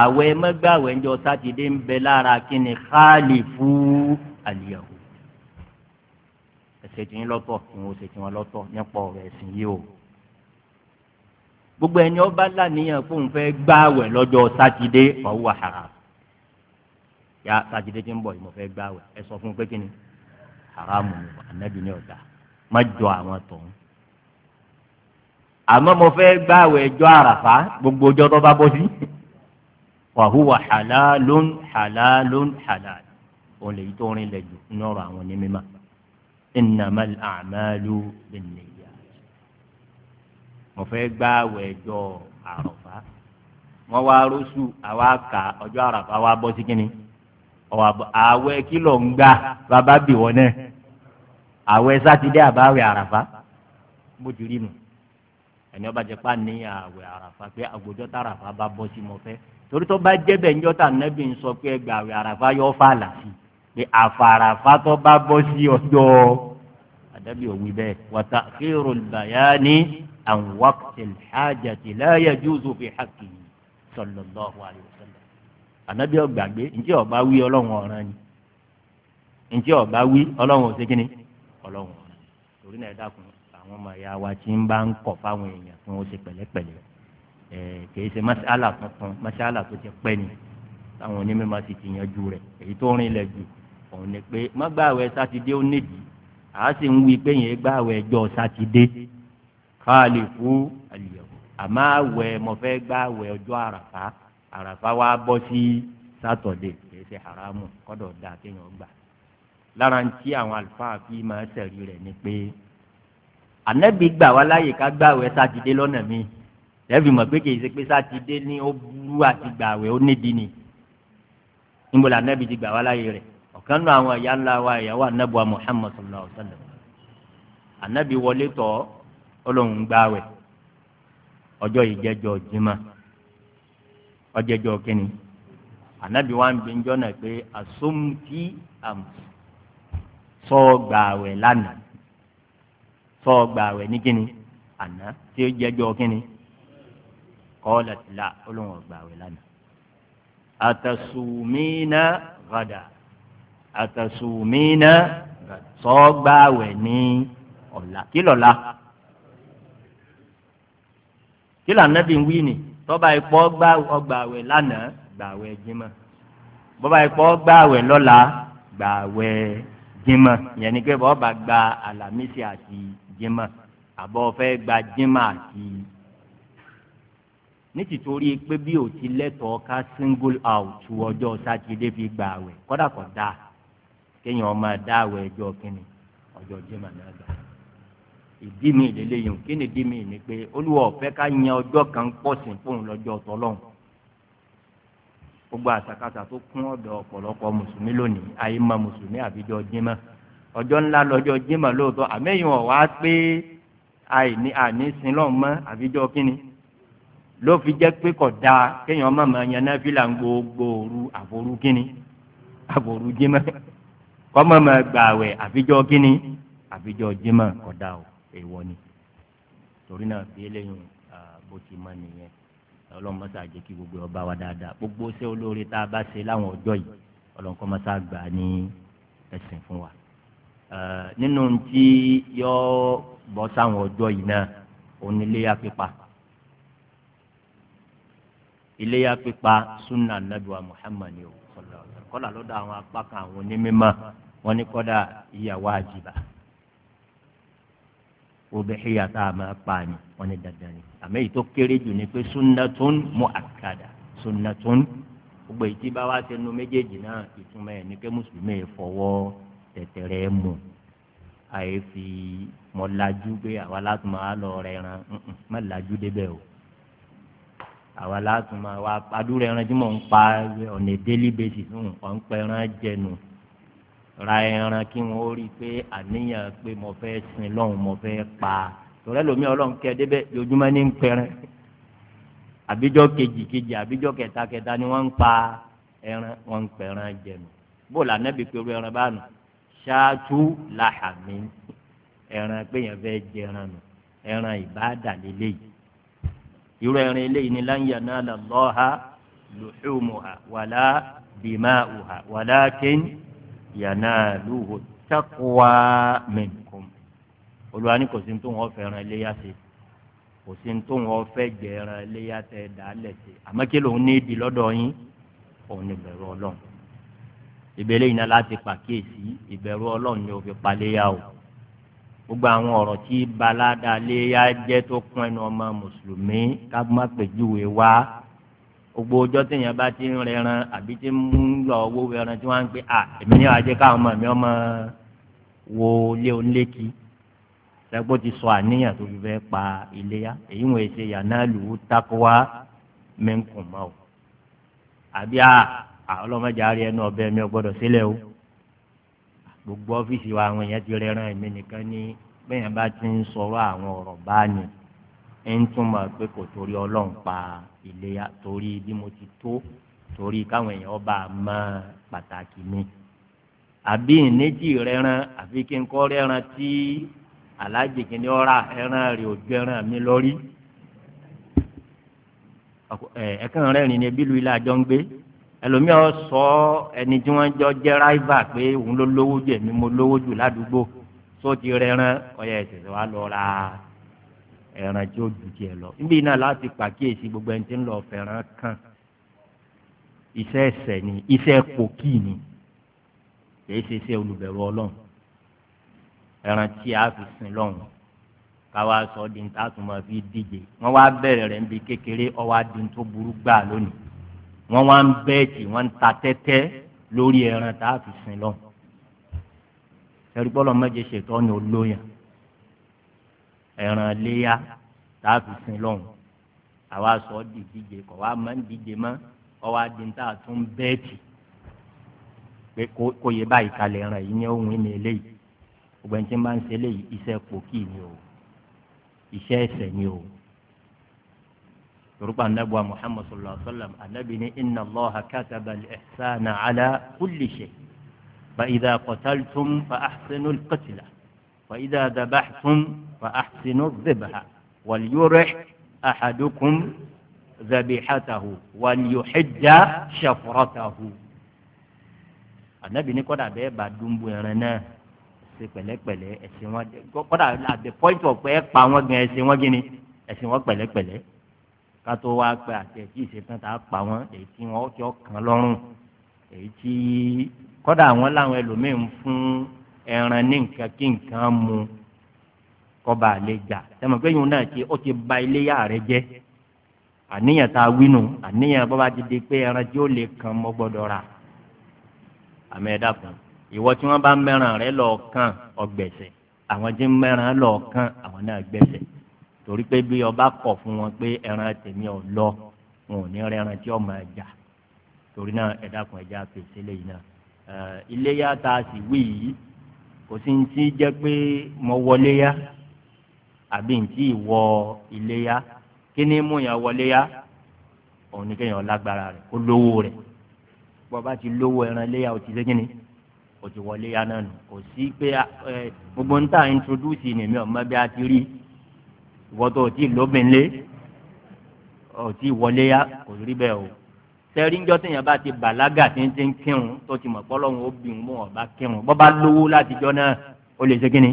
àwẹ̀ mẹ́gbàwẹ̀ ńjọ́ sátidé ń bẹ lára kínni khalifu al-Yahudi ṣe ti yín lọ́tọ̀ kí wọ́n ṣe ti wọn lọ́tọ̀ nípa ọ̀rọ̀ ẹ̀sìn yìí o. gbogbo ẹni ọba lànìyàn kó n fẹ́ gbààwẹ̀ lọ́jọ́ sátidé ọ̀hún àhàrà ya sátidé ti ń bọ̀ ìmọ̀ fẹ́ gbààwẹ̀ ẹ sọ fún pé kí ni haramu ni anabi ni ọ̀dà má jọ àwọn tọ̀hún. àmọ́ mo fẹ́ gbààwẹ̀ ọjọ́ àràfá gbogbo ọjọ́ tó bá bọ́ sí wàhùwà halalun halalun halal òun lè yí tó rin lẹ̀ jù ọ̀rọ̀ àwọn onímọ̀ إنما الأعمال binniyat mo fẹ́ gbá wẹ̀jọ àròfá wọ́n wá rọ́ṣù àwa kà ọjọ́ àràfá wa bọ́ sí kínní àwẹ̀ kìlọ̀ ń gbà bàbá bì wọ́n náà àwẹ̀ sátidé àbáwẹ̀ àràfá bójú rí nu ẹni ọba jẹ pa ní àwẹ̀ àràfá pé àgbòjọ tá bá bọ́ sí mo fẹ́ bá jẹ́ bẹ́ẹ̀ nẹ́bí ń sọ pé ẹgbẹ́ àwẹ̀ yọ fà làásì pé àfàràfà tó bá bọ́ sí ọjọ́ àdábì òwì bẹ́ẹ̀ wa ta'khirul bayani an waqtil hajati la yajuzu fi haqqihi sallallahu alayhi wa sallam. ànábì ọ̀gbàgbé ǹjẹ́ ọba wí ọlọ́run ọ̀ràn ni ǹjẹ́ ọba wí ọlọ́run ò ṣe kínní ọlọ́run ọ̀ràn torí náà ẹ dákun àwọn ọmọ ìyá wa ti ń bá ń kọ̀ fáwọn èèyàn fún ó ṣe pẹ̀lẹ́pẹ̀lẹ́ kìí ṣe masala tuntun masala tó ti pẹ́ ni táwọn onímọ̀ sì ti yanjú rẹ̀ èyí tó rìn lẹ̀ jù òun ni pé má gbààwẹ̀ sátidé ó nídìí à á sì ń wí pé yẹn gbààwẹ̀ ọjọ́ sátidé káàlì fún àlìyẹ̀wò àmọ́ àwẹ̀ mo fẹ́ gbààwẹ̀ ọjọ́ àràfá àràfá wa bọ́ sí sátọ̀dé kìí ṣe haramu kọ́dọ̀ dáa kéèyàn gbà lára ń tí àwọn àlùfáà fi máa ṣẹ̀rí rẹ̀ ni pé ànábì gbà wá láyè ká gbààwẹ̀ sátidé lọ́nà míì lẹ́bi mọ̀ pé kìí ṣe pé sátidé ní ó burú àti gbààwẹ̀ ó nídìí ni níbo la nẹ́bi ti gbà kánú àwọn ìyá ńlá wa ìyàwó anabuwa muhammad sallallahu alaihi wa sallam anabi wọlé tọ̀ Ọlọ́run gbààwẹ̀ ọjọ́ ìjẹjọ jimá ọjẹjọ kínní anabi wa ń bẹ ń jọ́nà pé asomti am sọ gbààwẹ̀ lánàá sọ gbààwẹ̀ ní kínní àná tí ó jẹjọ kínní kọ́ọ̀lá tìlá Ọlọ́run gbààwẹ̀ lánàá àtàsùmínà gàdà. Atasumina sọ́gbàwẹ̀ ní ọ̀la kí lọ́la kí lànàbí ń wí ni tọ́ba ìpọ́ gbàwẹ̀ lánàá gbàwẹ̀ jímọ̀ bọ́ba ìpọ́ gbàwẹ̀ lọ́la gbàwẹ̀ jímọ̀ yẹn ni pé bọ́ba gba àlàmísì àti jímọ̀ àbọ̀ fẹ́ gba jímọ̀ àti ní tìtorí pé bí o ti lẹ́tọ̀ọ́ ká single out ọjọ́ sátidé fi gbàwẹ̀ kọ́dà kọ́ dáa kéèyàn máa dá àwọ̀ ẹjọ́ kínní ọjọ́ jimá náà gbà ìdí mi lélẹ́yìn kí ni ìdí mi ni pé olúwa ọ̀fẹ́ ká yan ọjọ́ kan pọ̀ sí fóun lọ́jọ́ tọ́lọ́hún gbogbo àsakásá tó kún ọ̀dọ̀ ọ̀pọ̀lọpọ̀ mùsùlùmí lónìí ayé ma mùsùlùmí àbíjọ́ jimá ọjọ́ ńlá lọ́jọ́ jimá lóòótọ́ àmẹ́yìn ọ̀wá pé àìní àní sinlọ́ọ̀ mọ́ àbíjọ́ kínní ló fi jẹ́ pé kò dáa kéèyàn má máa yan náfìlà gbogbo òru àforú kínní àforú jimá kọ́mọ ma gbà wẹ̀ àfijọ́ kínní àfijọ́ jimá kọ́dà o èèwọ̀ ni torí náà bí eléyìí bó ti mọ nìyẹn ọlọ́run mọ́sá jẹ́ kí gbogbo ọba wa dáadáa gbogbo ṣé olóore tá a bá ṣe láwọn ọjọ́ yìí ọlọ́run kọ́ mọ́sá gbà ní ẹ̀sìn fún wa nínú tí yọ bọ́ sáwọn ọjọ́ yìí náà oníléyà pípa iléyà pípa sunna anabiwa muhammad kọ́là lọ́dọ̀ àwọn apá kan àwọn onímọ̀ wọn ní kọ́dà ìyàwó àjìbá obìnrin yàtọ̀ àmọ́ apààyàn wọn ní dandan ni àmọ́ èyí tó kéré jù ni pé sunnatun mu'akkada sunnatun gbogbo èyí tí bá wá sẹ́nu méjèèjì náà ìtumọ̀ ẹ̀ ní pé mùsùlùmí yẹn fọwọ́ tẹ̀tẹ̀rẹ̀ mọ̀ àyè fi mọ̀ lajú pé àwa láti máa lọ rẹ̀ ran mọ̀ lajú débẹ̀ o àwa látún máa wá adúrò ẹran tí mò ń pa ọ̀nà daily basis ń kàn ń pẹ́ ẹran jẹnu ra ẹran kí wọ́n rí i pé àníyàn pé mo fẹ́ sin lọ́hùn mo fẹ́ pa tòrẹ́ lomi ọlọ́run kẹ́ débẹ̀ lójúmọ́ ní ń pẹ́rẹ́ àbíjọ́ kejì kejì àbíjọ́ kẹta kẹta ni wọ́n ń pa ẹran wọ́n ń pẹ́ràn jẹnu bóòlù anábì pẹ̀lú ẹran bá nù ṣáàtú làhàmì ẹran pé yẹn fẹ́ jẹran nù ẹran ìbáàdà lélẹ́yìí irú ẹran eléyìí ni lan yanala Allaha luhumuha wala dima'uha walakin yanaluhu taqwa minkum olùwà ni kò sí ní tó wọn fẹ́ ẹran iléyà ṣe kò sí ní tó wọn fẹ́ jẹ ẹran iléyà tẹ dàálẹ̀ ṣe àmọ́ kí lòun ní ibi lọ́dọ̀ yín òun ní bẹ̀rù ọlọ́run ìbẹ̀rẹ̀ yìí náà láti pàkíyèsí ìbẹ̀rù ọlọ́run ni òfin paléyà o gbogbo àwọn ọ̀rọ̀ tí balada léyà jẹ́ tó kún ẹnu ọmọ mùsùlùmí ká má pèjúwe wá gbogbo ọjọ́ téèyàn bá ti ń rẹran àbí ti ń lọ owó ẹran tí wọ́n ń pè èmi ní wàá jẹ́ káwọn ọmọ mi ọmọ wo lé onílékì sẹ́gbó ti sọ àníyàn tó fi fẹ́ pa iléyà èyí wọ́n ṣe yànnà lù ú takuwa mẹ́ńkùnmá o àbí ọlọ́mọdé àárẹ̀ ẹnu ọbẹ̀ mi ò gbọ́dọ̀ sílẹ̀ o gbogbo ọ́fíìsì wa àwọn èèyàn ti rẹ́ràn èmi nìkan ní bẹ́ẹ̀ bá ti ń sọ̀rọ̀ àwọn ọ̀rọ̀ báàní ń túmọ̀ pé kò torí ọlọ́run pa ìléyà torí bí mo ti tó torí káwọn èèyàn bá a mọ pàtàkì mi àbí ìnejì rẹ́ràn àfi kí n kọ́ rẹ́ràn tí alájì kìíní ọ̀rà ẹran rẹ̀ ò ju ẹran mi lórí ẹ̀ẹ́kan rẹ́rìn ni bílù ilé àjọ ń gbé ẹlòmíì sọ ẹni tí wọ́n jọ jẹ́ ráìvà pé òun ló lówó jù èmi mo lówó jù ládùúgbò tó ti rẹran ọyẹ ẹsẹsẹ wa lọ ra ẹran tí ó ju jẹ lọ níbí náà láti pàkíyèsí gbogbo ẹni ń lọ ni pòkì ni kìí ṣe ẹran tí a fi sin káwa sọ di ní fi díje wá níbi kékeré adi wọ́n wá ń bẹ́ẹ̀dì wọ́n ń ta tẹ́tẹ́ lórí ẹran tá a fi sin lọ. ẹ̀rí bọ́lọ̀ méje ṣètọ́ ni olóyàn ẹran léyà tá a fi sin lọ́hùn àwa sọ ọ́ di díje kọ̀ wá máa ń díje mọ́ ọ wá di tá a tún bẹ́ẹ̀dì pé kó yẹ báyìí kalẹ̀ ẹran yìí ní ohun ìní eléyìí gbogbo tí ń bá ń ṣe eléyìí iṣẹ́ pòkì ni o iṣẹ́ ẹ̀ṣẹ̀ ni o yorùbá anabuwa muhammad sallallahu alaihi wa sallam anabi ni inna allaha kataba al-ihsana ala kulli shay fa idha qataltum fa ahsinu al-qatla fa idha dabahtum fa ahsinu al-dhabha wal yurih ahadukum zabihatahu wal yuhijja shafratahu anabi ni kódà bẹ́ẹ̀ bá dùnbù ẹran náà ṣe pẹ̀lẹ́pẹ̀lẹ́ ẹ̀sìn wọn kódà at the point of pa wọn gan ẹ̀sìn wọn gíní ẹ̀sìn wọn pẹ̀lẹ́pẹ̀lẹ́ kátó wá pé àtẹ̀jí ìṣẹ̀tàn tá a pa wọ́n èyí tí wọ́n ti ọkàn lọ́rùn èyí tí kọ́dà àwọn làwọn ẹlòmíín fún ẹran ní nǹkan kí nǹkan mu kọ́ba àlè jà tẹ́mọ̀ pé yòówù náà ti ó ti ba iléyà rẹ jẹ́ àníyàn tá a wí àníyàn bọ́ba ti pé ẹran tí ó lè kàn mọ́ gbọ́dọ̀ rà àmì ẹ̀dá kan ìwọ tí wọ́n bá mẹ́ràn rẹ lọ́ọ̀kan ọgbẹ̀sẹ̀ àwọn tí mẹ́ràn lọ́ọ̀kan àwọn náà gbẹ̀sẹ̀ torí pé bí ọba kọ̀ fún wọn pé ẹran tèmi ò lọ wọn ò ní rẹran tí ọmọ ẹja torí náà ẹ dákun ẹja pèsè lẹ́yìn náà iléyà tá a sì wí yìí kò sí ní tí jẹ́ pé mo wọlé yá àbí ní tí ìwọ iléyà kí ni mú yàn wọlé yá òun ni kéèyàn lágbára rẹ̀ kó lówó rẹ̀ bọ́ bá ti lówó ẹran iléyà ó ti ṣe kí ni ó ti wọlé yá náà nù kò sí pé gbogbo ń tà introduce ni mi ò mọ bí a ti rí ìwọ́tọ̀ ò tí ì lóbìnrin ò tí ì wọlé yá kò rí bẹ́ẹ̀ o sẹ́ríńjọ́ téèyàn bá ti bàlágà tí ń ti ń kírun tó ti mọ̀ pọ́lọ́hún ó bì ń mú kírun bọ́ bá lówó látijọ́ náà ó lè ṣe kínni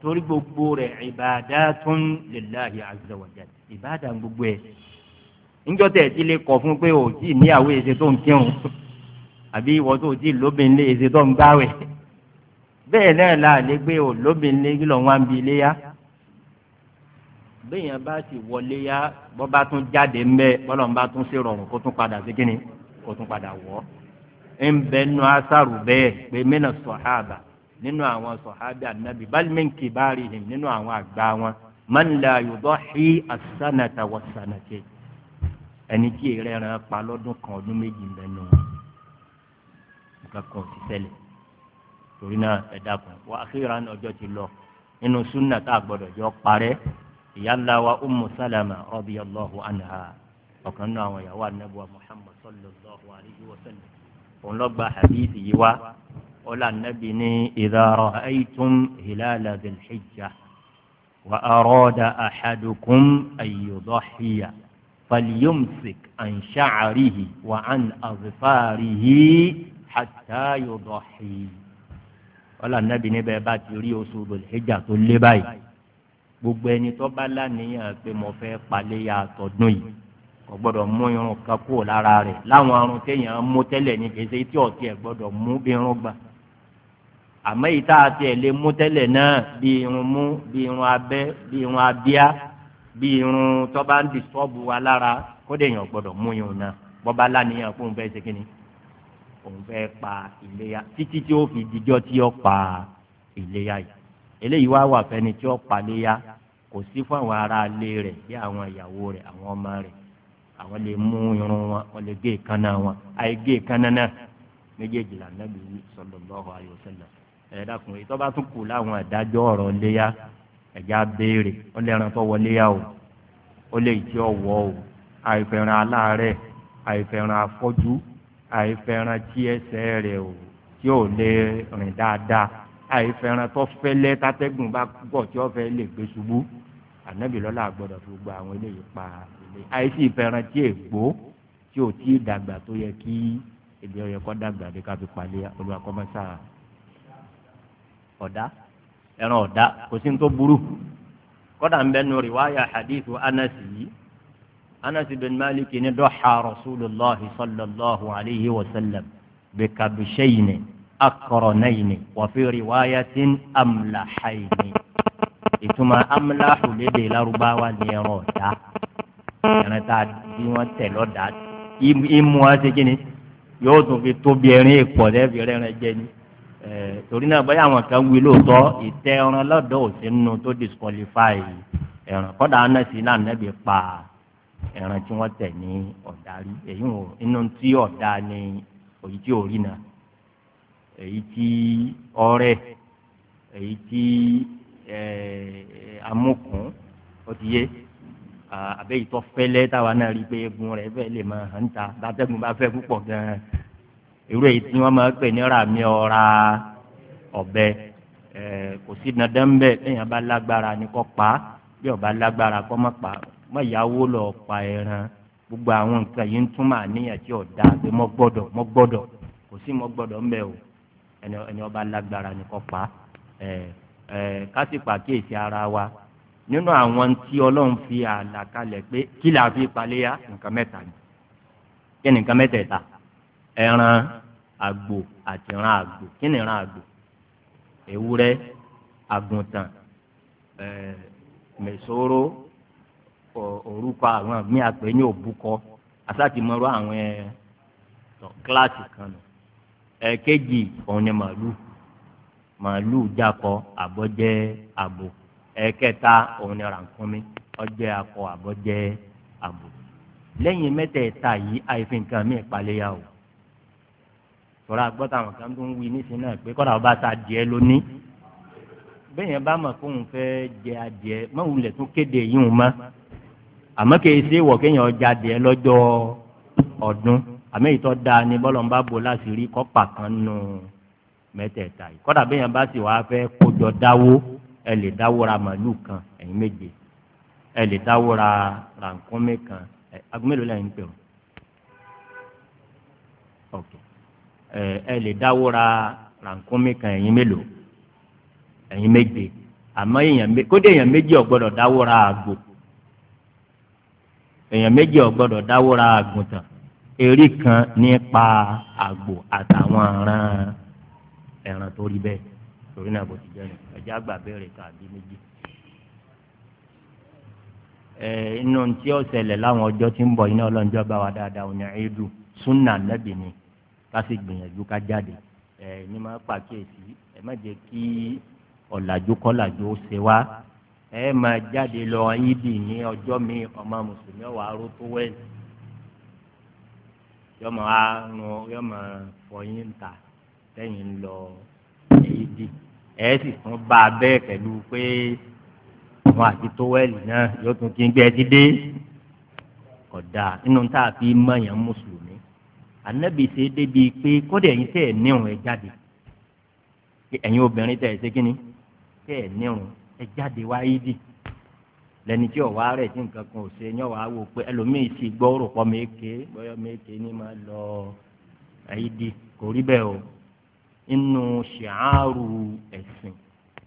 torí gbogbo rẹ̀ ibadatun lillahi azza wa jalla ìbáàdà gbogbo ẹ̀ níjọ́ tẹ̀ ti lè kọ̀ fún pé ò tí níyàwó èsè tó ń kírun àbí ìwọ tó ti lóbìnrin èsè tó ń gbáwẹ̀ bẹ́ẹ̀ náà là lè gbé ò lóbìnrin kí lọ́ wá ń bi iléyà béèyàn bá sì wọlé yá bọ́ bá tún jáde ńbẹ bọ́lọ̀ ń bá tún ṣe rọrùn kó tún padà sí kíni kó tún padà wọ̀ ń bẹ nu asaru bẹ́ẹ̀ pé mẹ́nà sọ̀hábà nínú àwọn sọ̀hábà ànábì bal min kibarihim nínú àwọn àgbà wọn man la yudahi as-sanata was-sanatayn ẹni tí èrè rẹ̀ pa lọ́dún kan ọdún méjì ń bẹ nù wọn nǹkan kan ò ti ṣẹlẹ̀ torí náà ẹ dákun wà á kéèrà ní ọjọ́ ti ìyá ńlá wa ummu salama radiyallahu anha ọ̀kan náà àwọn ìyàwó anábùwà muhammad sallallahu alayhi wa sallam òun lọ gba hadith yìí wá ọlá anábì ní idha ra'aytum hilala dhil hijja wa arada ahadukum an yudahhiya falyumsik an sha'rihi wa an azfarihi hatta yudahhi ọlá anábì níbẹ̀ bá ti rí oṣù dhil tó lé báyìí gbogbo ẹni tó bá lánìyàn pé mo fẹ́ paléyà tọdún yìí kò gbọ́dọ̀ mú irun kan kúrò lára rẹ̀ láwọn arun téèyàn mú tẹ́lẹ̀ ní kèsè tí ọ̀tí ẹ̀ gbọ́dọ̀ mú bí irun gbà àmọ́ èyí tá a ti ẹ̀ lé mú tẹ́lẹ̀ náà bí irun mú bí irun abẹ́ bí irun abíá bí irun tó bá ń disọ́ọ̀bù wa lára kódé èèyàn gbọ́dọ̀ mú irun náà bọ́ba lánìyàn fún un fẹ́ ṣe kínní òun fẹ́ pa ìléyà títí tí ó fi dijọ́ tí ó pa ìléyà yìí eléyìí wá wà fẹ́ni tí ó paléyà kò sí fún àwọn ará ilé rẹ̀ bí àwọn ìyàwó rẹ̀ àwọn ọmọ rẹ̀ àwọn lè mú irun wọn wọn lè gé ìkànnà wọn àì gé ìkànnà náà méjèèjì là nàbì sallallahu alaihi wasallam ẹ dákun èyí tó bá tún kù láwọn àdájọ́ ọ̀rọ̀ léyà ẹjá béèrè ó lè ràn tó wọlé yà o ó lè jẹ ọwọ o àìfẹ́ràn aláàárẹ̀ àìfẹ́ràn afọ́jú àìfẹ́ràn tí ẹsẹ̀ rẹ̀ o tí ò lè rìn dáadáa àìfẹ̀ràn tó fẹ́lẹ́ tátẹ́gùn bá pọ̀ tí ó fẹ́ lè gbé ṣubú ànábì lọ́la gbọ́dọ̀ fi gba àwọn eléyìí pa ilé àìsí ìfẹ̀ràn tí ègbó tí ò tí ì dàgbà tó yẹ kí èdè ọ̀yẹ́ kọ́ dàgbà dé ká fi palẹ̀ olùwàkọ́mọ́sá ọ̀dá ẹran ọ̀dá kò sí ní tó burú kọ́dà ń bẹnu rìwáyà hadithu anasi yìí anasi bin maliki ni dọ́xa rasulillahi sallallahu alayhi wa sallam bẹ́ẹ̀ kàbíṣẹ́yìn ni akọrọnayini wàfi riwaayatin amlahayini ìtumọ̀ amlahu lédè Lárúbáwá ni ẹran ọ̀dá ẹran tá a bí wọ́n tẹ̀ lọ́dà imú wa ṣe kí ni yóò tún fi tóbi ẹrin èpọ̀ lẹ́bi rẹ́ran jẹ ni torí náà báyà àwọn kan wí lóòótọ́ ìtẹ́ ẹran lọ́dọ̀ òsínú tó disqualify ẹran kọ́dà anasi náà nẹ́bi pa ẹran tí wọ́n tẹ̀ ní ọ̀dà èyí wò inú tí ọ̀dà ni òyìí tí ò rí náà èyí tí ọrẹ èyí tí amúkùn ó ti yé àbẹ ìtọ́ fẹ́lẹ́ táwa náà rí pé egun rẹ̀ fẹ́ lè máa hàn ta bàtẹ́gun bá fẹ́ púpọ̀ gan irú èyí tí wọ́n máa pè ní ràmí ọ̀ra ọ̀bẹ kò sí dandan bẹ lẹ́yìn bá lágbára ni kò pa bí ó lágbára kò má pa má yáwó lọ pa ẹran gbogbo àwọn nǹkan yìí ń túmọ̀ àníyàn tí ọ̀dà pé mo gbọ́dọ̀ mo gbọ́dọ̀ kò sí mo gbọ́dọ̀ ń bẹ o ẹni ọba lágbára ni kò pa ẹ ẹ kásìpà kíyèsí ara wa nínú àwọn tí ọlọ́run fi àlàkalẹ̀ pé kí la fi paléyà nǹkan mẹ́ta ni kí ni nǹkan mẹ́tẹ̀ẹ̀ta ẹran àgbò àti ìran àgbò kí ni ìran àgbò ewúrẹ́ àgùntàn ẹ̀ẹ́ mẹ̀sóró orúkọ àwọn mi àpè ní òbúkọ asáti àwọn ẹ̀ tọ́ kíláàsì kan nù ẹ̀ẹ̀kejì òun ni màálù màálù jakọ àbọ̀jẹ́ àbò ẹ̀ẹ̀kẹta òun ni rànkúnmí ọjẹ́ akọ àbọ̀jẹ́ àbò lẹ́yìn mẹ́tẹ̀ẹ̀ta yìí àìfi nǹkan mí ìpalẹ́yà o tọ́ra gbọ́dọ̀ àwọn kan tó ń wí nísìnyí náà pé kọ́dà ọba ta díẹ̀ lónìí bẹ́ẹ̀ yẹn bá mọ̀ kó òun fẹ́ jẹ adìẹ mọ̀wulẹ̀ tún kéde yìí wọn mọ́ àmọ́ kì í ṣe wọ̀ kéèyàn ọjà adìẹ lọ́jọ́ ọdún àmì ìtọ́ da ni bọ́lọ̀ ń bá bo láti rí kọ́pà kan nù mẹ́tẹ̀ẹ̀ta yìí kọ́dà bẹ́ẹ̀ yẹn bá sì wá fẹ́ kójọ dáwó ẹ lè dáwó ra màlúù kan ẹ̀yin méje ẹ lè dáwó ra rànkúnmí kan ẹ agúnmélòó lẹ́yìn pè ọ́ ok ẹ lè dáwó ra rànkúnmí kan ẹ̀yin mélòó ẹ̀yin méje àmọ́ èèyàn kódé èèyàn méjì ò gbọ́dọ̀ dáwó ra àgbò èèyàn méjì ò gbọ́dọ̀ dáwó ra àgùntàn erí kan nípa àgbò àtàwọn aràn ẹran tó rí bẹ́ẹ̀ torí náà bó ti jẹ́ nù ẹ̀jẹ̀ àgbà bẹ̀rẹ̀ méjì. inú tí ó ṣẹlẹ̀ láwọn ọjọ́ tí ń bọ̀ iná ọlọ́njọ́ bá wa dáadáa òní ẹ̀ẹ́dù súnà nẹ́bì ni ká sì jáde ẹ ní máa pàkíyèsí ẹ má kí ọ̀làjú kọ́làjú ó jáde lọ ní ọjọ́ mi ọmọ mùsùlùmí ọ̀wà yọmọ àrùn yọmọ fọyín ta lẹ́yìn lọ èyí di ẹ sì tún bá a bẹ́ẹ̀ pẹ̀lú pé àwọn àti tówẹ́lì náà yóò tún kí n gbé ẹtí dé kódà nínú tá a fi mọ̀yàn mùsùlùmí ànábì ṣe débi pé kódà ẹ̀yin tẹ̀ ẹ̀ nírun jáde ẹ̀yin obìnrin tẹ̀ ṣe kí ni tẹ̀ ẹ̀ nírun jáde wáyé dì lẹni tí ọwọ́ rẹ̀ tí nǹkan kan ò ṣe ní ọwọ́ àwò pé ẹlòmíì sì gbọ́ òrùpọ̀ méke bọ́yọ̀ méke ní máa lọ ẹ̀yídì kò rí bẹ́ẹ̀ o inú ṣìáàrù ẹ̀sìn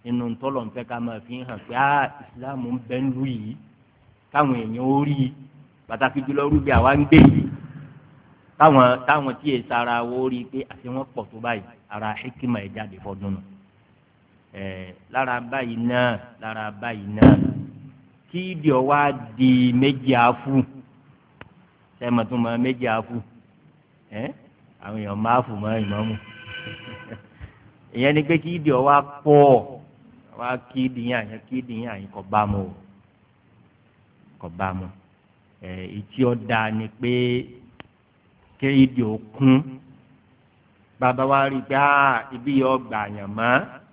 inú tọ́lọ̀ ń fẹ́ ká máa fi hàn pé á ìsìláàmù ń bẹ ń lù yìí káwọn èèyàn ó rí i pàtàkì jùlọ rúbi àwa ń gbé yìí táwọn táwọn tí èsì ara wo rí i pé àti wọn pọ̀ tó báyìí ara hikima ẹ̀ jáde fọdún nù ẹ̀ lára báyìí náà lára báyìí náà kí ìdí ọwọ́ á di méjì àfú sẹ́mọ̀túnmọ̀ méjì àfú ẹ́ àwọn èèyàn máa fò mọ́ ìmọ̀mù ìyẹn ni pé kí ìdí ọwọ́ á pọ̀ wá kí ìdí yẹn àyàn kí ìdí yẹn àyàn kò bá mu o kò bá mu ẹ̀ ìtí ọ̀dà ni pé kí ìdí ò kún bàbá wa rí i ibi yọ gbà mọ́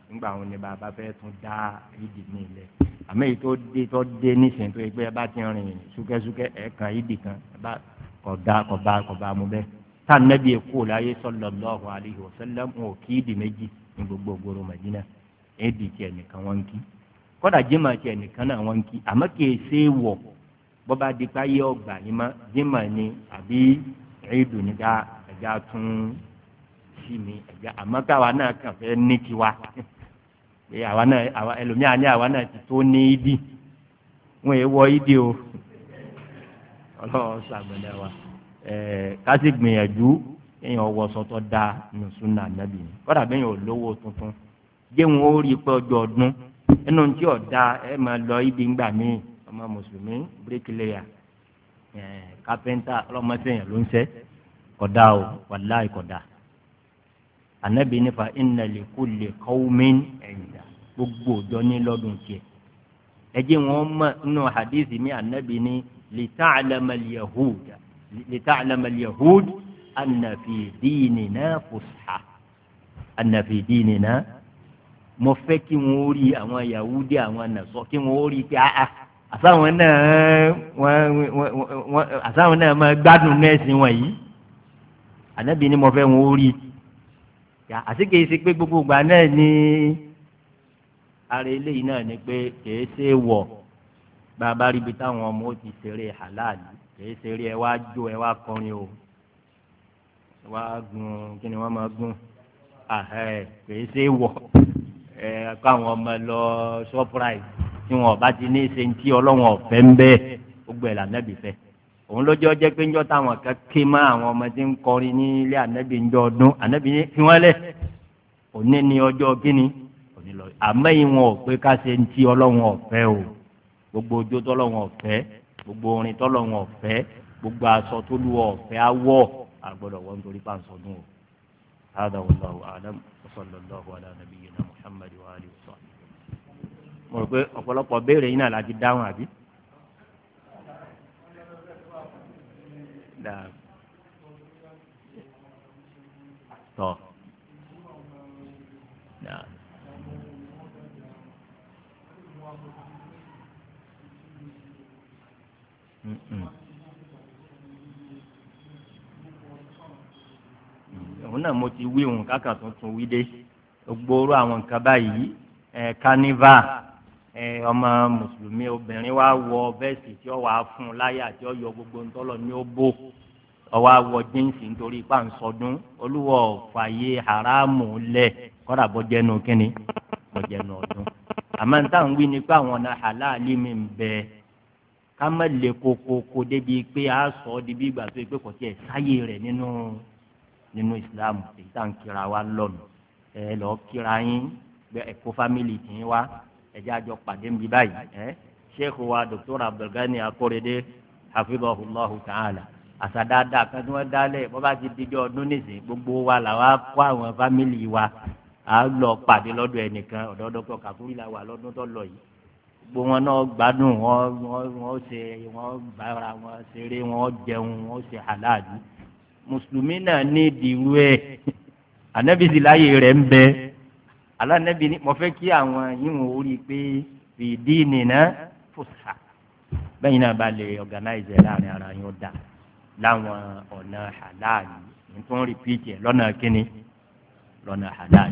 nígbà wọn ni bàbá fẹ́ tún dá ìdí mi lẹ̀ àmọ́ èyí tó dé tó dé nísìnyí tó yẹ pé ẹ bá ti rìn súkẹ́súkẹ́ ẹ̀ kan ìdì kan kọ̀dá kọ̀bá kọ̀bá mu bẹ́ẹ̀ tá nẹ́bí èkó láyé sallallahu alaihi wasallam wọn ò kí ìdì méjì ní gbogbo ògbóró Madina éèdì tiẹ̀ nìkan wọ́n ń kí kọ́dà jimá tiẹ̀ nìkan náà wọ́n ń kí àmọ́ kì í ṣe é wọ̀ bọ́ba dípa yé ọgbà yìí mọ́ jimá ni àbí àwa náà àwa ní àwa náà ti tó ní ìdí wọn èèwọ ìdí o ọlọ́run ṣàgbẹ̀lẹ̀ wa ká sì gbìyànjú kéèyàn wọ sọtọ da nùsùnà nàbì kọ́dà bẹ́ẹ̀ lówó tuntun jẹ́wọ́n ó rí i pé ọjọ́ ọdún ẹnu tí ọ̀dà ẹ máa lọ ńgbà míì ọmọ mùsùlùmí bíríkìlẹ́yà kápẹ́ńtà anabi nípa inna li kulli qawmin ẹ̀yìndà gbogbo ọjọ́ ní lọ́dún tiẹ̀ ẹjẹ wọn mọ nínú hadithi mi anabi ní li ta'lama al-yahud li ta'lama al-yahud anna fi dinina fusha anna fi dinina mo fẹ́ kí wọ́n rí àwọn yahudi àwọn nasọ kí wọ́n rí pé a ah, ah, àtàwọn náà wọ́n àtàwọn náà máa gbádùn nẹ́ẹ̀sì wọ̀nyí anabi ní mo fẹ́ wọ́n rí àti kìí ṣe pé gbogbo ìgbà náà ni ara eléyìí náà ni pé kìí ṣe wọ̀ bàbá ríbi táwọn ọmọ ó ti ṣeré halal kìí ṣeré ẹ wá jó ẹ wá kọrin o ẹ wá gun kí ni wọ́n máa gun kìí ṣe wọ̀ ẹ káwọn ọmọ lọ shoprite tí wọn bá ti ní ṣe ń tí ọlọ́wọ́n ọ̀fẹ́ ń bẹ́ẹ̀ ó gbẹ̀là nẹ́bí fẹ́ẹ́ òun lọ́jọ́ jẹ́ pé ńjọ́ táwọn kan ké má àwọn ọmọdé ń kọrin ní ilé ànábì ńjọ́ ọdún ànábì ní fi wọ́n lẹ̀ òní ni ọjọ́ kíni òní lọ àmọ́ ìwọ̀n ọ̀pẹ ká ṣe ń ti ọlọ́run ọ̀fẹ́ o gbogbo ojó tọ́lọ́run ọ̀fẹ́ gbogbo orin tọ́lọ́run ọ̀fẹ́ gbogbo aṣọ tó lu ọ̀fẹ́ awọ́ àgbọ̀dọ̀ wọn torí pàṣọdún o. هذا والله أعلم وصلى الله على نبينا محمد وآله وصحبه. mo rò pé ọ̀pọ̀lọpọ̀ béèrè yín نعم طب نعم òun náà mo ti wí òun kákà tuntun wí dé gbogbo orú àwọn nǹkan báyìí ọmọ mùsùlùmí obìnrin wa wọ vẹ́ẹ̀sì tí ó wàá fún un láyà tí ó yọ gbogbo ńtọ́lọ ní ó bò ọwọ́ àwọ̀ jíǹsì nítorí ipá ń sọdún olúwọ̀ fàyè haramu lẹ̀ kọ́dà bọ́jẹ́nu kínní bọ́jẹ́nu ọdún àmọ́ níta ń wí ni pé àwọn ọ̀nà halali mi ń bẹ ká má lè kokoko débi pé a sọ ọ́ di bí ìgbà tó yẹ pé kò tiẹ̀ sáyè rẹ̀ nínú nínú islam èyí tá à ń kíra wa lọ́nu ẹ lọ́ọ́ kíra yín ẹ̀kọ́ fámìlì tì í wá ẹ̀jẹ̀ àjọ pàdé ń bí báyìí ẹ́ sheikh wa dr abdulgani akorede hafidhahullahu ta'ala àsàdáadáa kan tí wọ́n dálẹ̀ bọ́ bá ti dijọ́ ọdún nìsín gbogbo wa làwa kó àwọn fámìlì wa à ń lọ pàdé lọ́dọ̀ ẹnìkan ọ̀dọ̀ dr kakuri la wà lọ́dún tó lọ yìí gbogbo wọn náà gbádùn wọn wọn wọn ṣe wọn bára wọn ṣeré wọn jẹun wọn ṣe aláàdú mùsùlùmí náà ní ìdíwú ẹ ànábìsí rẹ ń bẹ alánẹ́bí ni mo fẹ́ kí àwọn yíwọ̀n orí pé fìdí nìna fòsà bẹ́ẹ̀ náà bá lè organize láàrin ara yín ó dà láwọn ọ̀nà halal nítorí píìtì lọ́nà kínní lọ́nà halal.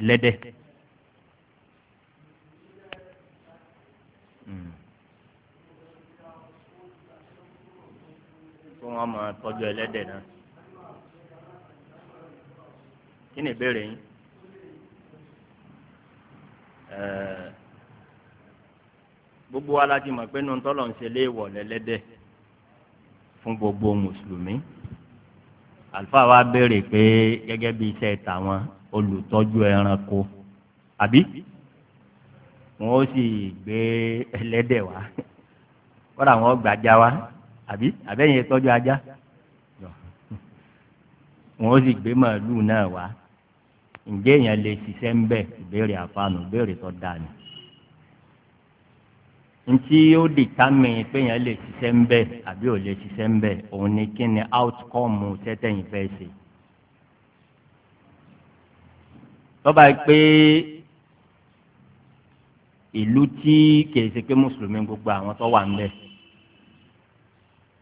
ẹlẹ́dẹ̀. kó wọn máa tọ́jú ẹlẹ́dẹ̀ náà kí ni ìbéèrè yín gbogbo wa la ti mọ̀ pé nù ń tọ́lọ̀ ń ṣe léèwọ̀ lẹ́lẹ́dẹ̀ fún gbogbo mùsùlùmí àlùfáà wa béèrè pé gẹ́gẹ́ bí iṣẹ́ tàwọn olùtọ́jú ẹranko àbí wọn ó sì gbé ẹlẹ́dẹ̀ wá kọ́dà wọn gbàjà wá àbí àbẹ́yìn ìtọ́jú ajá wọn ó sì gbé màálù náà wá ǹjẹ́ èèyàn lè ṣiṣẹ́ ń bẹ̀ ìbéèrè àfàànù ìbéèrè tó dáa ni ntí ó determine péyàn lè ṣiṣẹ́ ń bẹ̀ àbí ò lè ṣiṣẹ́ ń bẹ̀ òun ni kí ni outcome tẹ́tẹ̀yìn fẹ́ ṣe. tọ́ba pé ìlú tí kìí ṣe pé mùsùlùmí gbogbo àwọn tó wà ń bẹ̀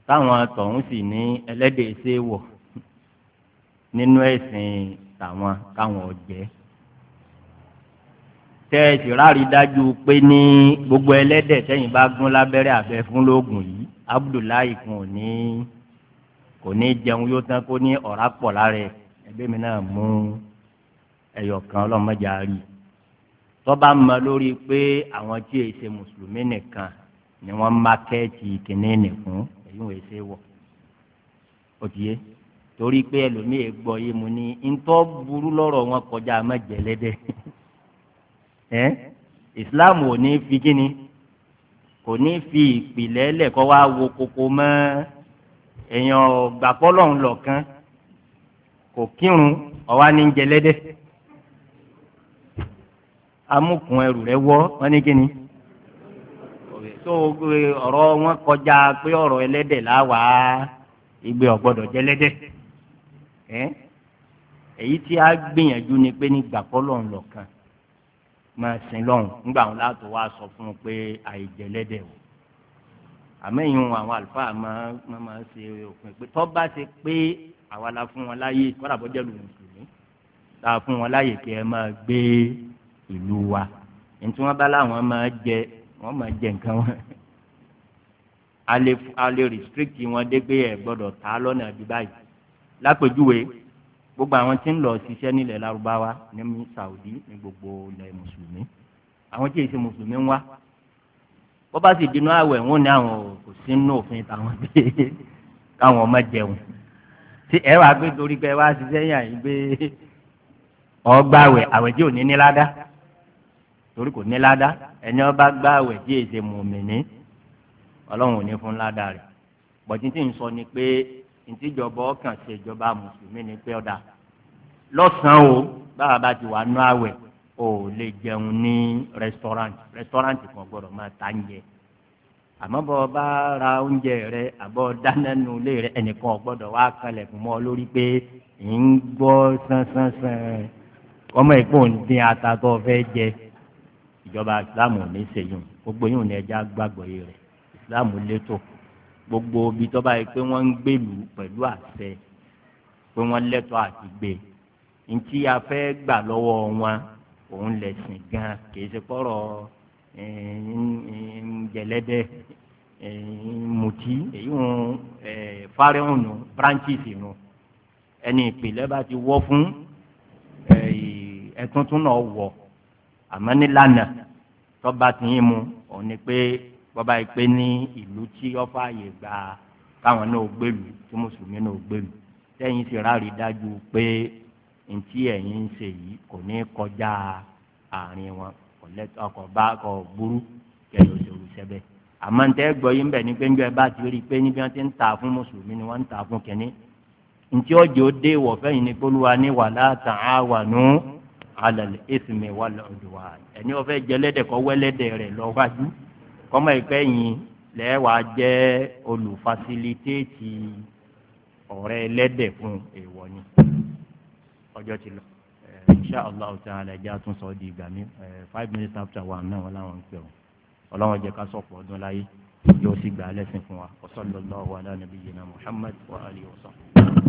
táwọn tọ̀hún sì ní ẹlẹ́dẹ̀ẹ́sẹ̀ wọ̀ nínú ẹ̀sìn tàwọn káwọn ọ̀jẹ́ tẹ́ ẹ sì rárí dájú pé ní gbogbo ẹlẹ́dẹ̀ tẹ́yìn bá gún lábẹ́rẹ́ abẹ́ fún lóògùn yìí abdullahi kun ò ní kò ní jẹun yóò tán kó ní ọ̀rá pọ̀ lára ẹ̀ ẹgbẹ́ mi náà mú ẹyọkan ọlọ́mọdé àárí tọ́ba mọ lórí pé àwọn tí èsè mùsùlùmí nìkan ni wọ́n mákẹ́ẹ̀tì kìnìún nìkún èyí wọ́n èsè wọ̀ ó ti yé torí pé ẹlòmíì gbọ́ yé mu ní ntọ́ burú lọ́rọ̀ wọn kọjá mẹ́jẹ̀lẹ́dẹ́ ẹ́ ìsìláàmù ò ní fi kíni kò ní fi ìpìlẹ̀ lẹ́kọ́ wá wo koko mọ́ èèyàn gbàpọ́ lọ́hùn lọ́kàn kò kírun ọ̀wá ní ń jẹlẹ́dẹ́ amúkùn ẹrù rẹ wọ́ wọ́n ní kíni tó ọ̀rọ̀ wọn kọjá pé ọ̀rọ̀ ẹlẹ́dẹ̀ láwàá ìgbé ọ̀gbọ́dọ̀ jẹlẹ́dẹ̀ ẹ́ èyí tí a gbìyànjú ni pé ní gbàpọ́ lọ́hùn máa sin lọ́hùn nígbà wọn láti wá sọ fún un pé àìjẹlẹ́dẹ̀ o àmọ́ ìyún àwọn àlùfáà máa máa ṣe òpin pé tọ́ bá ṣe pé àwa la fún wọn láyè kọ́dà bó jẹ́ lùmùsùn ta fún wọn láyè kí ẹ máa gbé ìlú wa ntí wọn bá láwọn máa jẹ wọn máa jẹ nǹkan wọn a lè a lè restrict wọn dé pé ẹ gbọ́dọ̀ ta lọ́nà bí báyìí lápèjúwe gbogbo àwọn tí ń lọ ṣiṣẹ́ nílẹ̀ Lárúbáwá ní Saudi ní gbogbo ilẹ̀ mùsùlùmí àwọn tí èsì mùsùlùmí ń wá bó bá sì dinú àwẹ̀ wọn ní àwọn kò sí nínú òfin táwọn gbé káwọn ọmọ jẹun tí ẹ wàá gbé torí pé wàá ṣiṣẹ́ yàn yín gbé ọgbà àwẹ̀ àwẹ̀ tí ò ní ní torí kò ní ẹni ọba gbà àwẹ̀ tí èsì mùmìnì Ọlọ́run ò ní fún ládá rẹ̀ bọ̀tí tí ń sọ ni pé ntíjọba ọkàn ṣe ìjọba mùsùlùmí ni pé ọ̀dà lọ́sàn-án o báwa bá ti wà nú àwẹ̀ o lè jẹun ní rẹ́sítọ́rántì rẹ́sítọ́rántì kan gbọ́dọ̀ máa ta ń jẹ àmọ́ bọ́ bá ra oúnjẹ rẹ àbọ̀ dáná nu ilé rẹ ẹnìkan gbọ́dọ̀ wá kalẹ̀ fún mọ́ lórí pé ń gbọ́ sánsánsán ọmọ ìpò ń dín ata tó fẹ́ jẹ ìjọba ìsìlámù ní sèyún gbogbo yìí ní ẹja gbàgbọ́ yìí rẹ ìsìlámù létò gbogbo ibi tó bá yẹ pé wọ́n ń gbèlú pẹ̀lú àṣẹ pé wọ́n lẹ́tọ̀ọ́ àti gbé ntí a fẹ́ gbà lọ́wọ́ wọn òun lẹ̀sìn gan kì í ṣe pọ̀rọ̀ jẹlẹ́dẹ́ mutí èyí ń fárẹ́hùn nù branches nù ẹni ìpìlẹ̀ bá ti wọ́ fún ẹ̀ẹ́dẹ́gbẹ̀tún náà wọ̀ àmọ́ nílànà tọ́ba ti yín mu òun ni pé bọ́ba yìí pé ní ìlú tí ọ́fà yè gba káwọn náà gbèlú tí mùsùlùmí náà gbèlú tẹ́yìn sì rárí dájú pé ntí ẹ̀yin ń ṣe yìí kò ní kọjá àárín wọn ọkọ̀ bá kọ̀ burú kẹlẹ̀ òṣèlú sẹ́bẹ̀ àmọ́ ntẹ́ gbọ́ yín bẹ̀ ni pé njọ́ ẹ bá ti rí i pé níbi wọn ti ń ta fún mùsùlùmí ni wọ́n ń ta fún kínní ntí ọjọ́ dé wọ̀fẹ́ yìí ni polúwa ní wàlá ta'awanu alal ismi wal udwan ẹni ó fẹ́ jẹ ẹlẹ́dẹ̀ kó wẹ́lẹ́dẹ̀ rẹ̀ lọ́wájú kọ́mọ ìpẹ́ yìí lẹ́wà jẹ́ olùfasilitéètì ọ̀rẹ́ ẹlẹ́dẹ̀ fún èèwọ̀ ni ọjọ́ ti lọ insha allah ta'ala ẹja tún sọ di ìgbà mi five minutes after one náà wọn làwọn ń pè ọ ọlọ́wọ́n jẹ́ ká sọ̀pọ̀ ọdún láyé yóò sì gbà á lẹ́sìn fún wa wa sallallahu ala nabiyyina muhammad wa alihi wa